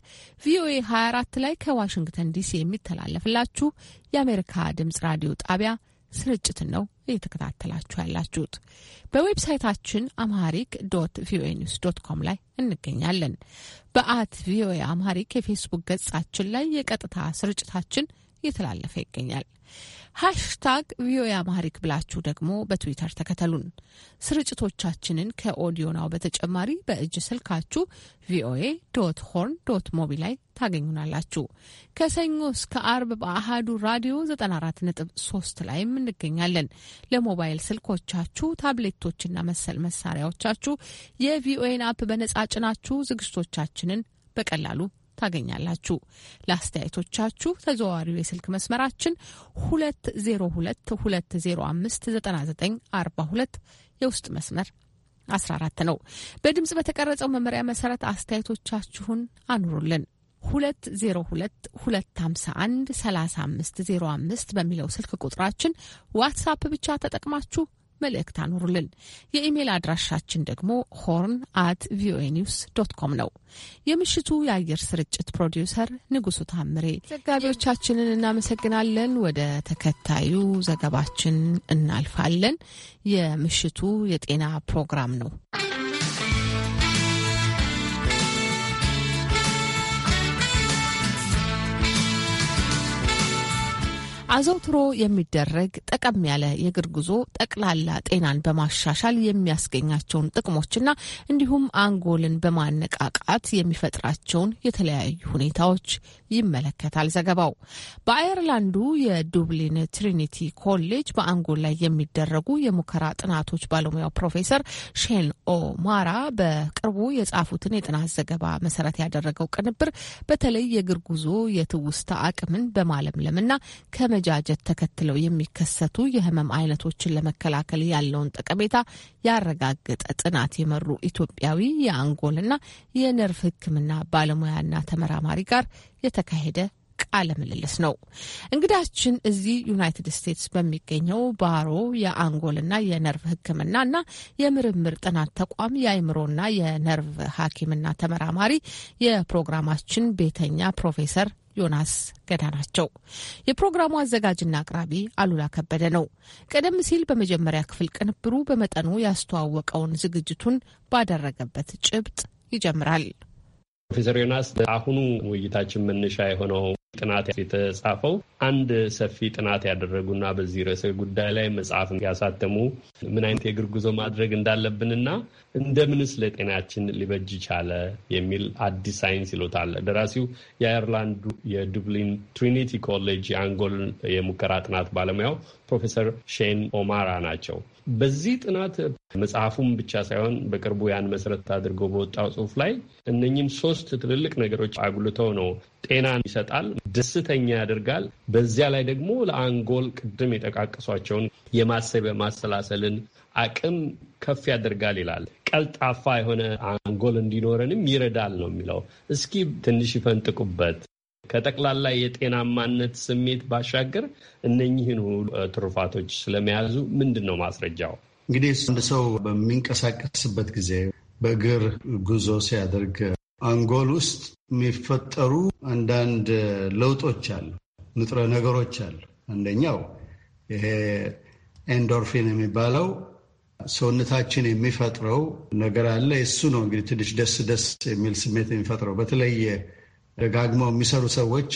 ቪኦኤ 24 ላይ ከዋሽንግተን ዲሲ የሚተላለፍላችሁ የአሜሪካ ድምጽ ራዲዮ ጣቢያ ስርጭትን ነው እየተከታተላችሁ ያላችሁት። በዌብሳይታችን አምሃሪክ ዶት ቪኦኤ ኒውስ ዶት ኮም ላይ እንገኛለን። በአት ቪኦኤ አምሃሪክ የፌስቡክ ገጻችን ላይ የቀጥታ ስርጭታችን እየተላለፈ ይገኛል። ሃሽታግ ቪኦኤ አማሪክ ብላችሁ ደግሞ በትዊተር ተከተሉን። ስርጭቶቻችንን ከኦዲዮ ናው በተጨማሪ በእጅ ስልካችሁ ቪኦኤ ዶት ሆርን ዶት ሞቢ ላይ ታገኙናላችሁ። ከሰኞ እስከ አርብ በአህዱ ራዲዮ 94.3 ላይም እንገኛለን። ለሞባይል ስልኮቻችሁ፣ ታብሌቶችና መሰል መሳሪያዎቻችሁ የቪኦኤን አፕ በነጻ ጭናችሁ ዝግጅቶቻችንን በቀላሉ ታገኛላችሁ። ለአስተያየቶቻችሁ ተዘዋዋሪው የስልክ መስመራችን 202 የውስጥ መስመር 14 ነው። በድምፅ በተቀረጸው መመሪያ መሰረት አስተያየቶቻችሁን አኑሩልን። 2022513505 በሚለው ስልክ ቁጥራችን ዋትሳፕ ብቻ ተጠቅማችሁ መልእክት አኑሩልን። የኢሜል አድራሻችን ደግሞ ሆርን አት ቪኦኤ ኒውስ ዶት ኮም ነው። የምሽቱ የአየር ስርጭት ፕሮዲውሰር ንጉሱ ታምሬ፣ ዘጋቢዎቻችንን እናመሰግናለን። ወደ ተከታዩ ዘገባችን እናልፋለን። የምሽቱ የጤና ፕሮግራም ነው። አዘውትሮ የሚደረግ ጠቀም ያለ የእግር ጉዞ ጠቅላላ ጤናን በማሻሻል የሚያስገኛቸውን ጥቅሞችና እንዲሁም አንጎልን በማነቃቃት የሚፈጥራቸውን የተለያዩ ሁኔታዎች ይመለከታል ዘገባው። በአየርላንዱ የዱብሊን ትሪኒቲ ኮሌጅ በአንጎል ላይ የሚደረጉ የሙከራ ጥናቶች ባለሙያው ፕሮፌሰር ሼን ኦማራ በቅርቡ የጻፉትን የጥናት ዘገባ መሰረት ያደረገው ቅንብር በተለይ የእግር ጉዞ የትውስታ አቅምን በማለምለምና ከመ መመጃጀት ተከትለው የሚከሰቱ የህመም አይነቶችን ለመከላከል ያለውን ጠቀሜታ ያረጋገጠ ጥናት የመሩ ኢትዮጵያዊ የአንጎልና የነርቭ ሕክምና ባለሙያና ተመራማሪ ጋር የተካሄደ ቃለ ምልልስ ነው። እንግዳችን እዚህ ዩናይትድ ስቴትስ በሚገኘው ባሮ የአንጎልና የነርቭ ህክምናና የምርምር ጥናት ተቋም የአእምሮና የነርቭ ሐኪምና ተመራማሪ የፕሮግራማችን ቤተኛ ፕሮፌሰር ዮናስ ገዳ ናቸው። የፕሮግራሙ አዘጋጅና አቅራቢ አሉላ ከበደ ነው። ቀደም ሲል በመጀመሪያ ክፍል ቅንብሩ በመጠኑ ያስተዋወቀውን ዝግጅቱን ባደረገበት ጭብጥ ይጀምራል። ፕሮፌሰር ዮናስ በአሁኑ ውይይታችን መነሻ የሆነው ጥናት የተጻፈው አንድ ሰፊ ጥናት ያደረጉና በዚህ ርዕሰ ጉዳይ ላይ መጽሐፍ ያሳተሙ ምን አይነት የእግር ጉዞ ማድረግ እንዳለብንና እንደምንስ ለጤናችን ሊበጅ ቻለ የሚል አዲስ ሳይንስ ይሎታል ደራሲው የአየርላንዱ የዱብሊን ትሪኒቲ ኮሌጅ የአንጎል የሙከራ ጥናት ባለሙያው ፕሮፌሰር ሼን ኦማራ ናቸው። በዚህ ጥናት መጽሐፉም ብቻ ሳይሆን በቅርቡ ያን መሰረት አድርገው በወጣው ጽሁፍ ላይ እነኝን ሶስት ትልልቅ ነገሮች አጉልተው ነው ጤናን ይሰጣል፣ ደስተኛ ያደርጋል፣ በዚያ ላይ ደግሞ ለአንጎል ቅድም የጠቃቀሷቸውን የማሰብ የማሰላሰልን አቅም ከፍ ያደርጋል ይላል። ቀልጣፋ የሆነ አንጎል እንዲኖረንም ይረዳል ነው የሚለው። እስኪ ትንሽ ይፈንጥቁበት። ከጠቅላላ የጤናማነት ስሜት ባሻገር እነኚህን ሁሉ ትሩፋቶች ስለመያዙ ምንድን ነው ማስረጃው? እንግዲህ አንድ ሰው በሚንቀሳቀስበት ጊዜ በእግር ጉዞ ሲያደርግ አንጎል ውስጥ የሚፈጠሩ አንዳንድ ለውጦች አሉ፣ ንጥረ ነገሮች አሉ። አንደኛው ይሄ ኤንዶርፊን የሚባለው ሰውነታችን የሚፈጥረው ነገር አለ። እሱ ነው እንግዲህ ትንሽ ደስ ደስ የሚል ስሜት የሚፈጥረው። በተለየ ደጋግመው የሚሰሩ ሰዎች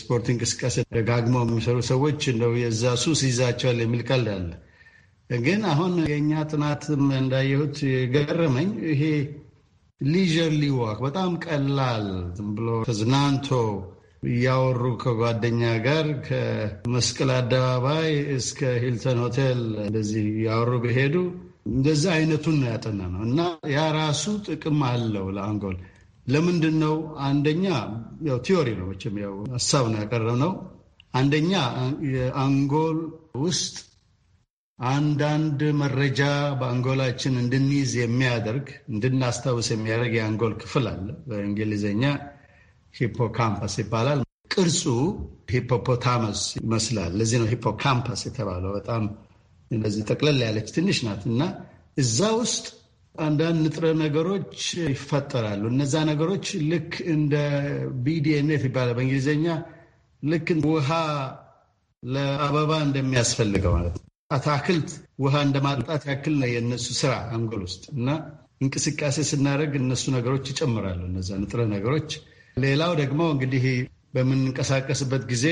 ስፖርት እንቅስቃሴ ደጋግመው የሚሰሩ ሰዎች እንደው የዛ ሱስ ይዛቸዋል የሚል ቀልድ አለ። ግን አሁን የእኛ ጥናትም እንዳየሁት የገረመኝ ይሄ ሊዥርሊ ዋክ በጣም ቀላል ዝም ብሎ ተዝናንቶ እያወሩ ከጓደኛ ጋር ከመስቀል አደባባይ እስከ ሂልተን ሆቴል እንደዚህ እያወሩ በሄዱ እንደዚህ አይነቱን ነው ያጠና ነው እና ያ ራሱ ጥቅም አለው ለአንጎል። ለምንድን ነው? አንደኛ ያው ቲዮሪ ነው መቼም ያው ሀሳብ ነው ያቀረብ ነው። አንደኛ የአንጎል ውስጥ አንዳንድ መረጃ በአንጎላችን እንድንይዝ የሚያደርግ እንድናስታውስ የሚያደርግ የአንጎል ክፍል አለ በእንግሊዝኛ ሂፖካምፐስ ይባላል። ቅርጹ ሂፖፖታመስ ይመስላል። ለዚህ ነው ሂፖካምፓስ የተባለው። በጣም እንደዚህ ጠቅለል ያለች ትንሽ ናት እና እዛ ውስጥ አንዳንድ ንጥረ ነገሮች ይፈጠራሉ። እነዛ ነገሮች ልክ እንደ ቢዲኤንኤ ይባላል በእንግሊዝኛ ልክ ውሃ ለአበባ እንደሚያስፈልገው ማለት ነው። አታክልት ውሃ እንደማጣት ያክል ነው የእነሱ ስራ አንጎል ውስጥ እና እንቅስቃሴ ስናደርግ እነሱ ነገሮች ይጨምራሉ። እነዛ ንጥረ ነገሮች ሌላው ደግሞ እንግዲህ በምንንቀሳቀስበት ጊዜ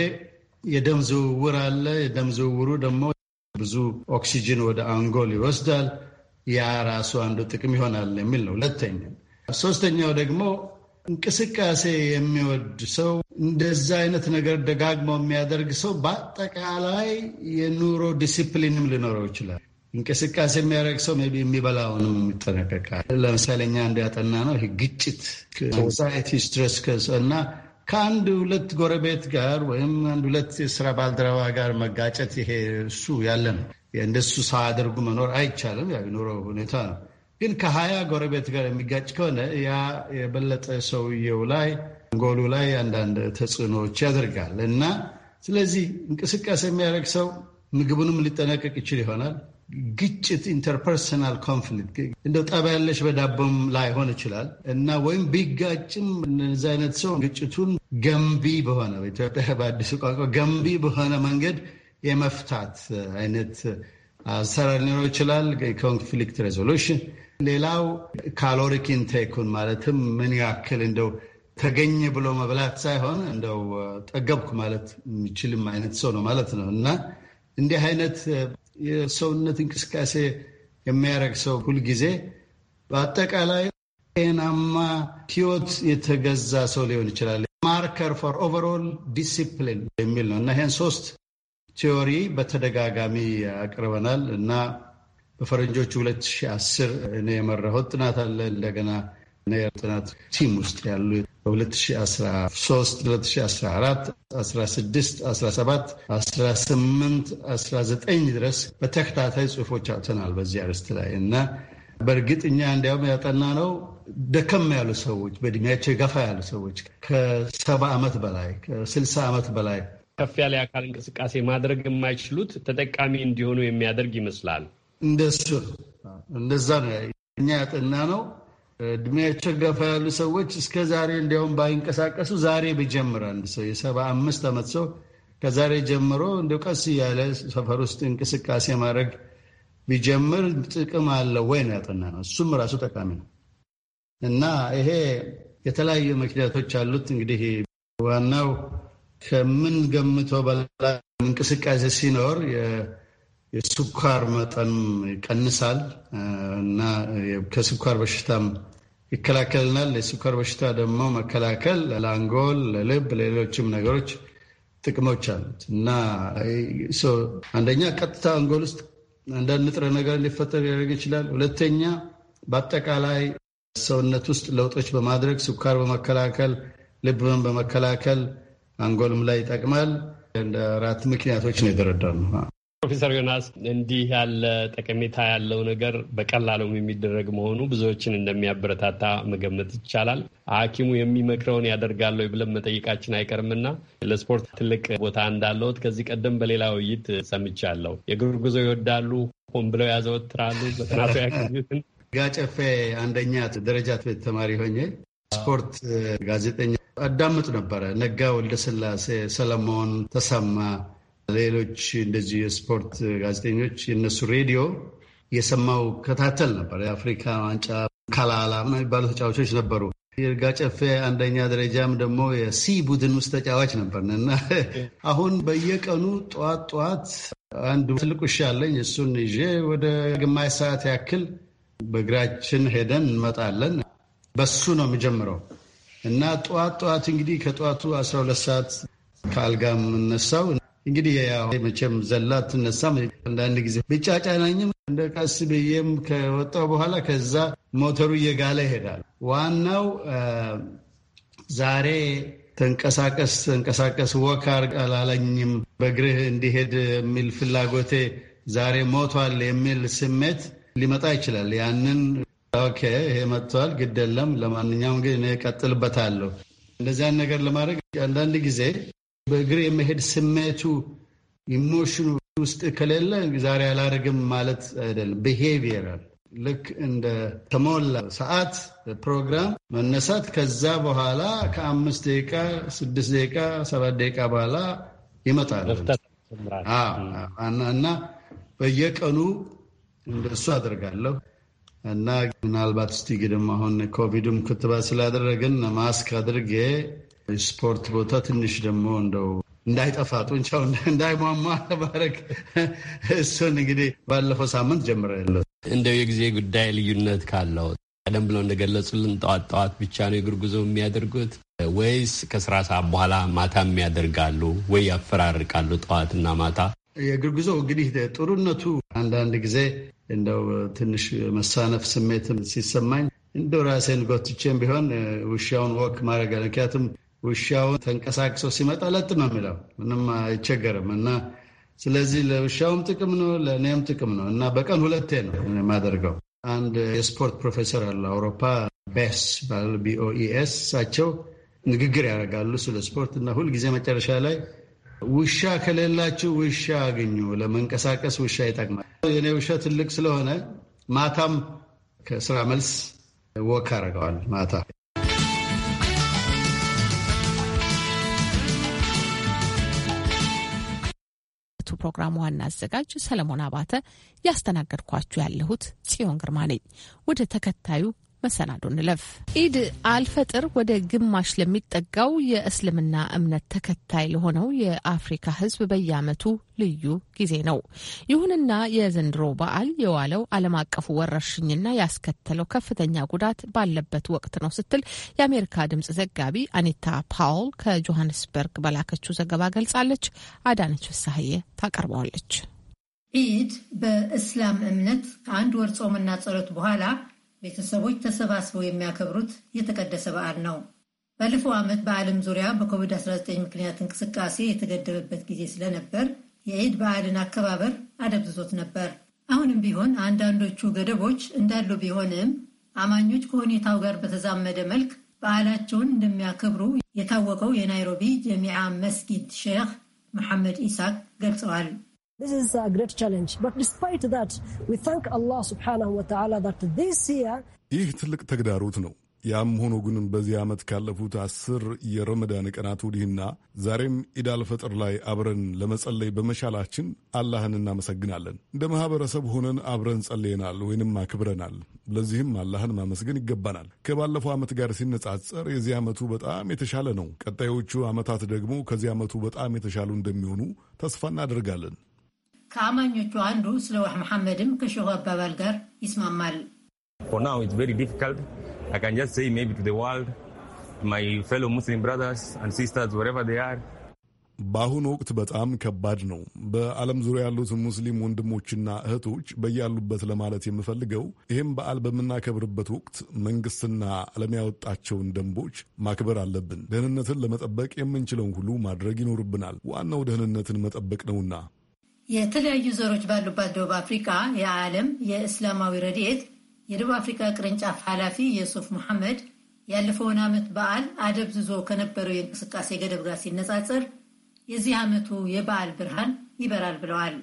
የደም ዝውውር አለ። የደም ዝውውሩ ደግሞ ብዙ ኦክሲጅን ወደ አንጎል ይወስዳል። ያ ራሱ አንዱ ጥቅም ይሆናል የሚል ነው። ሁለተኛ ሶስተኛው ደግሞ እንቅስቃሴ የሚወድ ሰው እንደዛ አይነት ነገር ደጋግሞ የሚያደርግ ሰው በአጠቃላይ የኑሮ ዲሲፕሊንም ሊኖረው ይችላል። እንቅስቃሴ የሚያደርግ ሰው ቢ የሚበላውንም ይጠነቀቃል። ለምሳሌ እኛ እንዲያጠና ነው ግጭት አንዛይቲ ስትረስ እና ከአንድ ሁለት ጎረቤት ጋር ወይም አንድ ሁለት የስራ ባልደረባ ጋር መጋጨት ይሄ እሱ ያለ ነው። እንደሱ ሳያደርጉ መኖር አይቻልም። ያው የኑሮ ሁኔታ ነው። ግን ከሀያ ጎረቤት ጋር የሚጋጭ ከሆነ ያ የበለጠ ሰውየው ላይ አንጎሉ ላይ አንዳንድ ተጽዕኖዎች ያደርጋል እና ስለዚህ እንቅስቃሴ የሚያደርግ ሰው ምግቡንም ሊጠነቀቅ ይችል ይሆናል ግጭት ኢንተርፐርሰናል ኮንፍሊክት እንደው ጠባ ያለሽ በዳቦም ላይሆን ይችላል እና ወይም ቢጋጭም እነዚ አይነት ሰው ግጭቱን ገንቢ በሆነ በኢትዮጵያ በአዲሱ ቋንቋ ገንቢ በሆነ መንገድ የመፍታት አይነት አሰራር ሊኖር ይችላል። ኮንፍሊክት ሬዞሉሽን። ሌላው ካሎሪክ ኢንቴኩን ማለትም ምን ያክል እንደው ተገኘ ብሎ መብላት ሳይሆን እንደው ጠገብኩ ማለት የሚችልም አይነት ሰው ነው ማለት ነው እና እንዲህ አይነት የሰውነት እንቅስቃሴ የሚያደርግ ሰው ሁልጊዜ በአጠቃላይ ጤናማ ህይወት የተገዛ ሰው ሊሆን ይችላል። ማርከር ፎር ኦቨርኦል ዲሲፕሊን የሚል ነው እና ይህን ሶስት ቲዎሪ በተደጋጋሚ አቅርበናል እና በፈረንጆቹ 2010 እኔ የመራሁት ጥናት አለ። እንደገና ጥናት ቲም ውስጥ ያሉ በ2013፣ 2014፣ 16፣ 17፣ 18፣ 19 ድረስ በተከታታይ ጽሁፎች አውጥተናል በዚህ አርዕስት ላይ እና በእርግጥ እኛ እንዲያውም ያጠና ነው ደከም ያሉ ሰዎች በእድሜያቸው የገፋ ያሉ ሰዎች ከሰባ ዓመት በላይ ከስልሳ ዓመት በላይ ከፍ ያለ የአካል እንቅስቃሴ ማድረግ የማይችሉት ተጠቃሚ እንዲሆኑ የሚያደርግ ይመስላል። እንደሱ እንደዛ ነው እኛ ያጠና ነው እድሜያቸው ገፋ ያሉ ሰዎች እስከ ዛሬ እንዲያውም ባይንቀሳቀሱ ዛሬ ቢጀምር አንድ ሰው የሰባ አምስት ዓመት ሰው ከዛሬ ጀምሮ እንደ ቀስ እያለ ሰፈር ውስጥ እንቅስቃሴ ማድረግ ቢጀምር ጥቅም አለው ወይ ነው ነው። እሱም ራሱ ጠቃሚ ነው እና ይሄ የተለያዩ ምክንያቶች አሉት። እንግዲህ ዋናው ከምን ገምተው በላይ እንቅስቃሴ ሲኖር የስኳር መጠን ይቀንሳል እና ከስኳር በሽታም ይከላከልናል። የስኳር በሽታ ደግሞ መከላከል ለአንጎል፣ ለልብ፣ ለሌሎችም ነገሮች ጥቅሞች አሉት እና አንደኛ ቀጥታ አንጎል ውስጥ አንዳንድ ንጥረ ነገር እንዲፈጠር ሊያደርግ ይችላል። ሁለተኛ በአጠቃላይ ሰውነት ውስጥ ለውጦች በማድረግ ስኳር በመከላከል ልብን በመከላከል አንጎልም ላይ ይጠቅማል። እንደ አራት ምክንያቶች ነው የተረዳነው። ፕሮፌሰር ዮናስ እንዲህ ያለ ጠቀሜታ ያለው ነገር በቀላሉም የሚደረግ መሆኑ ብዙዎችን እንደሚያበረታታ መገመት ይቻላል። ሐኪሙ የሚመክረውን ያደርጋለሁ ብለን መጠየቃችን አይቀርምና ለስፖርት ትልቅ ቦታ እንዳለውት ከዚህ ቀደም በሌላ ውይይት ሰምቻለሁ። የእግር ጉዞ ይወዳሉ፣ ሆን ብለው ያዘወትራሉ። በጥናቱ ያገኙትን ጋጨፌ አንደኛ ደረጃ ተማሪ ሆኜ ስፖርት ጋዜጠኛ አዳምጡ ነበረ። ነጋ ወልደስላሴ፣ ሰለሞን ተሰማ ሌሎች እንደዚህ የስፖርት ጋዜጠኞች የነሱ ሬዲዮ የሰማው ከታተል ነበር። የአፍሪካ ዋንጫ ካላላ የሚባሉ ተጫዋቾች ነበሩ። ይርጋ ጨፌ አንደኛ ደረጃም ደግሞ የሲ ቡድን ውስጥ ተጫዋች ነበር እና አሁን በየቀኑ ጠዋት ጠዋት አንድ ትልቅ ውሻ አለኝ። እሱን ይዤ ወደ ግማሽ ሰዓት ያክል በእግራችን ሄደን እንመጣለን። በሱ ነው የምጀምረው እና ጠዋት ጠዋት እንግዲህ ከጠዋቱ 12 ሰዓት ከአልጋ የምነሳው እንግዲህ ያው መቼም ዘላ ትነሳም አንዳንድ ጊዜ ጫናኝም እንደ ቀስ ብዬም ከወጣው በኋላ ከዛ ሞተሩ እየጋለ ይሄዳል። ዋናው ዛሬ ተንቀሳቀስ ተንቀሳቀስ ወካር አላለኝም በእግርህ እንዲሄድ የሚል ፍላጎቴ ዛሬ ሞቷል የሚል ስሜት ሊመጣ ይችላል። ያንን ኦኬ ይሄ መጥቷል፣ ግድ የለም ለማንኛውም ግን እኔ እቀጥልበታለሁ። እንደዚያን ነገር ለማድረግ አንዳንድ ጊዜ በእግር የመሄድ ስሜቱ ኢሞሽኑ ውስጥ ከሌለ ዛሬ አላደርግም ማለት አይደለም። ብሄቪየራል ልክ እንደ ተሞላ ሰዓት ፕሮግራም መነሳት ከዛ በኋላ ከአምስት ደቂቃ ስድስት ደቂቃ ሰባት ደቂቃ በኋላ ይመጣል እና በየቀኑ እንደሱ አደርጋለሁ እና ምናልባት እስቲ አሁን ኮቪድም ክትባት ስላደረግን ማስክ አድርጌ ስፖርት ቦታ ትንሽ ደግሞ እንደው እንዳይጠፋ ጡንቻው እንዳይሟሟ ለማድረግ እሱን እንግዲህ ባለፈው ሳምንት ጀምረ ያለት እንደው የጊዜ ጉዳይ ልዩነት ካለው ቀደም ብለው እንደገለጹልን ጠዋት ጠዋት ብቻ ነው የእግር ጉዞ የሚያደርጉት ወይስ ከስራ ሰዓት በኋላ ማታም ያደርጋሉ ወይ ያፈራርቃሉ? ጠዋትና ማታ የእግር ጉዞ እንግዲህ ጥሩነቱ አንዳንድ ጊዜ እንደው ትንሽ መሳነፍ ስሜትም ሲሰማኝ እንደው ራሴን ጎትቼም ቢሆን ውሻውን ወክ ማድረግ ምክንያቱም ውሻውን ተንቀሳቅሶ ሲመጣ ለጥ ነው የሚለው ምንም አይቸገርም። እና ስለዚህ ለውሻውም ጥቅም ነው፣ ለእኔም ጥቅም ነው እና በቀን ሁለቴ ነው የማደርገው። አንድ የስፖርት ፕሮፌሰር አለ አውሮፓ ቤስ ባል ቢኦኢኤስ እሳቸው ንግግር ያደርጋሉ ስለ ስፖርት እና ሁልጊዜ መጨረሻ ላይ ውሻ ከሌላችሁ ውሻ አግኙ፣ ለመንቀሳቀስ ውሻ ይጠቅማል። የኔ ውሻ ትልቅ ስለሆነ ማታም ከስራ መልስ ወክ አደርገዋል ማታ የምሽቱ ፕሮግራም ዋና አዘጋጅ ሰለሞን አባተ፣ ያስተናገድኳችሁ ያለሁት ጽዮን ግርማ ነኝ። ወደ ተከታዩ መሰናዶን እንለፍ። ኢድ አልፈጥር ወደ ግማሽ ለሚጠጋው የእስልምና እምነት ተከታይ ለሆነው የአፍሪካ ሕዝብ በየዓመቱ ልዩ ጊዜ ነው። ይሁንና የዘንድሮ በዓል የዋለው ዓለም አቀፉ ወረርሽኝና ያስከተለው ከፍተኛ ጉዳት ባለበት ወቅት ነው ስትል የአሜሪካ ድምጽ ዘጋቢ አኒታ ፓውል ከጆሃንስበርግ በላከችው ዘገባ ገልጻለች። አዳነች ፍሳሀዬ ታቀርበዋለች። ኢድ በእስላም እምነት ከአንድ ወር ጾምና ጸሎት በኋላ ቤተሰቦች ተሰባስበው የሚያከብሩት የተቀደሰ በዓል ነው። ባለፈው ዓመት በዓለም ዙሪያ በኮቪድ-19 ምክንያት እንቅስቃሴ የተገደበበት ጊዜ ስለነበር የኢድ በዓልን አከባበር አደብዝዞት ነበር። አሁንም ቢሆን አንዳንዶቹ ገደቦች እንዳሉ ቢሆንም አማኞች ከሁኔታው ጋር በተዛመደ መልክ በዓላቸውን እንደሚያከብሩ የታወቀው የናይሮቢ ጀሚዓ መስጊድ ሼክ መሐመድ ኢሳቅ ገልጸዋል። This is a great challenge. But despite that, we thank Allah subhanahu wa ta'ala that this year ይህ ትልቅ ተግዳሮት ነው። ያም ሆኖ ግን በዚህ ዓመት ካለፉት አስር የረመዳን ቀናት ወዲህና ዛሬም ኢዳል ፈጥር ላይ አብረን ለመጸለይ በመቻላችን አላህን እናመሰግናለን። እንደ ማህበረሰብ ሆነን አብረን ጸልየናል ወይንም አክብረናል። ለዚህም አላህን ማመስገን ይገባናል። ከባለፈው ዓመት ጋር ሲነጻጸር የዚህ ዓመቱ በጣም የተሻለ ነው። ቀጣዮቹ ዓመታት ደግሞ ከዚህ ዓመቱ በጣም የተሻሉ እንደሚሆኑ ተስፋ እናደርጋለን። ከአማኞቹ አንዱ ስለዋህ መሐመድም ከሼሁ አባባል ጋር ይስማማል። በአሁኑ ወቅት በጣም ከባድ ነው። በዓለም ዙሪያ ያሉት ሙስሊም ወንድሞችና እህቶች በያሉበት ለማለት የምፈልገው ይህም በዓል በምናከብርበት ወቅት መንግስትና ዓለም ያወጣቸውን ደንቦች ማክበር አለብን። ደህንነትን ለመጠበቅ የምንችለውን ሁሉ ማድረግ ይኖርብናል። ዋናው ደህንነትን መጠበቅ ነውና የተለያዩ ዘሮች ባሉባት ደቡብ አፍሪካ የዓለም የእስላማዊ ረድኤት የደቡብ አፍሪካ ቅርንጫፍ ኃላፊ የሱፍ መሐመድ ያለፈውን ዓመት በዓል አደብዝዞ ከነበረው የእንቅስቃሴ ገደብ ጋር ሲነጻጸር የዚህ ዓመቱ የበዓል ብርሃን ይበራል ብለዋል።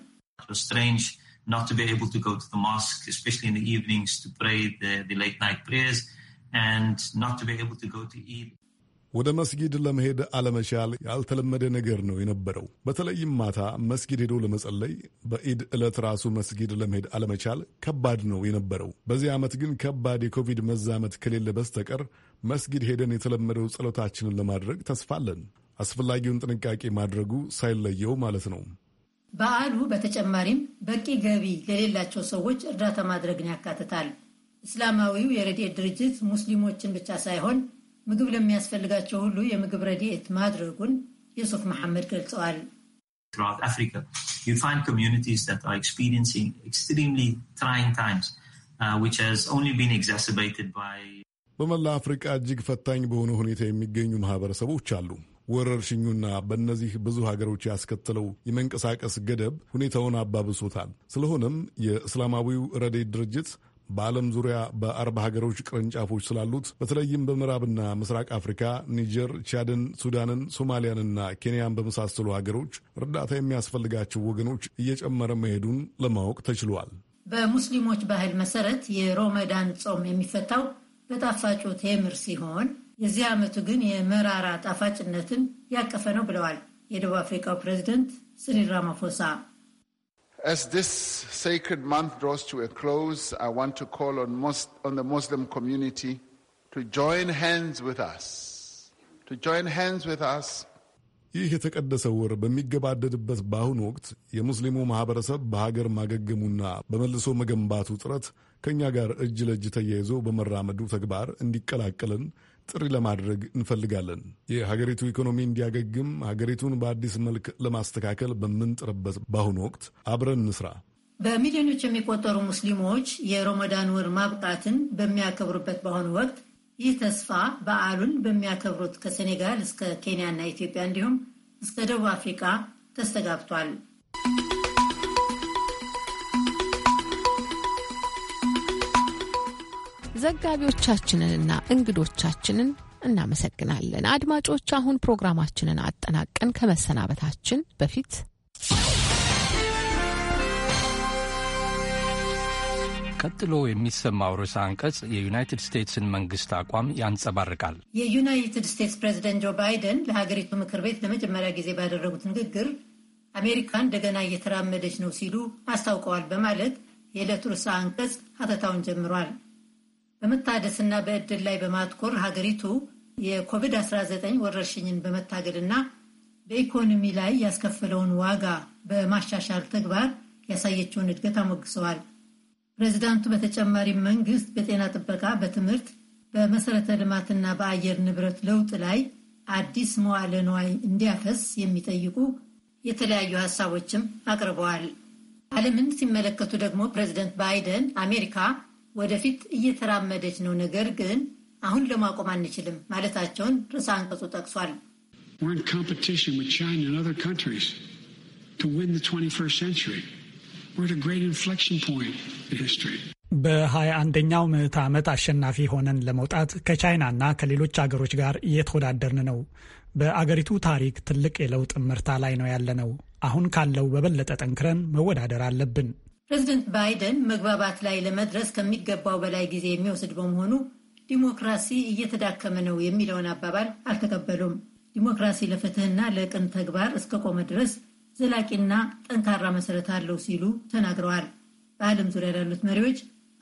ወደ መስጊድ ለመሄድ አለመቻል ያልተለመደ ነገር ነው የነበረው። በተለይም ማታ መስጊድ ሄዶ ለመጸለይ በኢድ ዕለት ራሱ መስጊድ ለመሄድ አለመቻል ከባድ ነው የነበረው። በዚህ ዓመት ግን ከባድ የኮቪድ መዛመት ከሌለ በስተቀር መስጊድ ሄደን የተለመደው ጸሎታችንን ለማድረግ ተስፋለን። አስፈላጊውን ጥንቃቄ ማድረጉ ሳይለየው ማለት ነው። በዓሉ በተጨማሪም በቂ ገቢ ለሌላቸው ሰዎች እርዳታ ማድረግን ያካትታል። እስላማዊው የረድኤት ድርጅት ሙስሊሞችን ብቻ ሳይሆን ምግብ ለሚያስፈልጋቸው ሁሉ የምግብ ረድኤት ማድረጉን የሱፍ መሐመድ ገልጸዋል። uh, በመላ አፍሪቃ እጅግ ፈታኝ በሆነ ሁኔታ የሚገኙ ማህበረሰቦች አሉ። ወረርሽኙና በእነዚህ ብዙ ሀገሮች ያስከተለው የመንቀሳቀስ ገደብ ሁኔታውን አባብሶታል። ስለሆነም የእስላማዊው ረዴት ድርጅት በዓለም ዙሪያ በአርባ ሀገሮች ቅርንጫፎች ስላሉት በተለይም በምዕራብና ምስራቅ አፍሪካ ኒጀር፣ ቻድን፣ ሱዳንን፣ ሶማሊያንና ኬንያን በመሳሰሉ ሀገሮች እርዳታ የሚያስፈልጋቸው ወገኖች እየጨመረ መሄዱን ለማወቅ ተችሏል። በሙስሊሞች ባህል መሰረት የሮመዳን ጾም የሚፈታው በጣፋጩ ቴምር ሲሆን የዚህ ዓመቱ ግን የመራራ ጣፋጭነትን ያቀፈ ነው ብለዋል የደቡብ አፍሪካው ፕሬዚደንት ሲሪል ራማፎሳ። As this sacred month draws to a close, I want to call on, on the Muslim community to join hands with us. To join hands with us. ይህ የተቀደሰ ወር በሚገባደድበት በአሁኑ ወቅት የሙስሊሙ ማህበረሰብ በሀገር ማገገሙና በመልሶ መገንባቱ ጥረት ከእኛ ጋር እጅ ለእጅ ተያይዞ በመራመዱ ተግባር እንዲቀላቀልን ጥሪ ለማድረግ እንፈልጋለን። የሀገሪቱ ኢኮኖሚ እንዲያገግም ሀገሪቱን በአዲስ መልክ ለማስተካከል በምንጥርበት በአሁኑ ወቅት አብረን እንስራ። በሚሊዮኖች የሚቆጠሩ ሙስሊሞች የሮመዳን ወር ማብቃትን በሚያከብሩበት በአሁኑ ወቅት ይህ ተስፋ በዓሉን በሚያከብሩት ከሴኔጋል እስከ ኬንያና ኢትዮጵያ እንዲሁም እስከ ደቡብ አፍሪካ ተስተጋብቷል። ዘጋቢዎቻችንንና እንግዶቻችንን እናመሰግናለን። አድማጮች፣ አሁን ፕሮግራማችንን አጠናቀን ከመሰናበታችን በፊት ቀጥሎ የሚሰማው ርዕሰ አንቀጽ የዩናይትድ ስቴትስን መንግስት አቋም ያንጸባርቃል። የዩናይትድ ስቴትስ ፕሬዚደንት ጆ ባይደን ለሀገሪቱ ምክር ቤት ለመጀመሪያ ጊዜ ባደረጉት ንግግር አሜሪካ እንደገና እየተራመደች ነው ሲሉ አስታውቀዋል በማለት የዕለቱ ርዕሰ አንቀጽ ሀተታውን ጀምሯል። በመታደስና በእድል ላይ በማትኮር ሀገሪቱ የኮቪድ-19 ወረርሽኝን በመታገልና በኢኮኖሚ ላይ ያስከፈለውን ዋጋ በማሻሻል ተግባር ያሳየችውን እድገት አሞግሰዋል። ፕሬዚዳንቱ በተጨማሪ መንግስት በጤና ጥበቃ፣ በትምህርት፣ በመሰረተ ልማትና በአየር ንብረት ለውጥ ላይ አዲስ መዋለ ንዋይ እንዲያፈስ የሚጠይቁ የተለያዩ ሀሳቦችም አቅርበዋል። ዓለምን ሲመለከቱ ደግሞ ፕሬዚደንት ባይደን አሜሪካ ወደፊት እየተራመደች ነው፣ ነገር ግን አሁን ለማቆም አንችልም ማለታቸውን ርዕሰ አንቀጹ ጠቅሷል። በ21ኛው ምዕት ዓመት አሸናፊ ሆነን ለመውጣት ከቻይናና ከሌሎች አገሮች ጋር እየተወዳደርን ነው። በአገሪቱ ታሪክ ትልቅ የለውጥ ምርታ ላይ ነው ያለነው። አሁን ካለው በበለጠ ጠንክረን መወዳደር አለብን። ፕሬዚደንት ባይደን መግባባት ላይ ለመድረስ ከሚገባው በላይ ጊዜ የሚወስድ በመሆኑ ዲሞክራሲ እየተዳከመ ነው የሚለውን አባባል አልተቀበሉም። ዲሞክራሲ ለፍትህና ለቅን ተግባር እስከቆመ ድረስ ዘላቂና ጠንካራ መሰረት አለው ሲሉ ተናግረዋል። በዓለም ዙሪያ ላሉት መሪዎች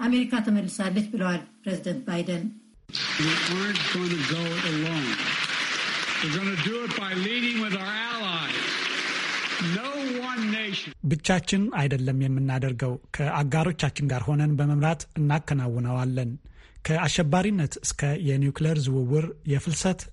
አሜሪካ ተመልሳለች ብለዋል ፕሬዚደንት ባይደን። We're going to do it by leading with our allies. No ብቻችን አይደለም የምናደርገው፣ ከአጋሮቻችን ጋር ሆነን በመምራት እናከናውነዋለን። ከአሸባሪነት እስከ የኒውክሌር ዝውውር፣ የፍልሰት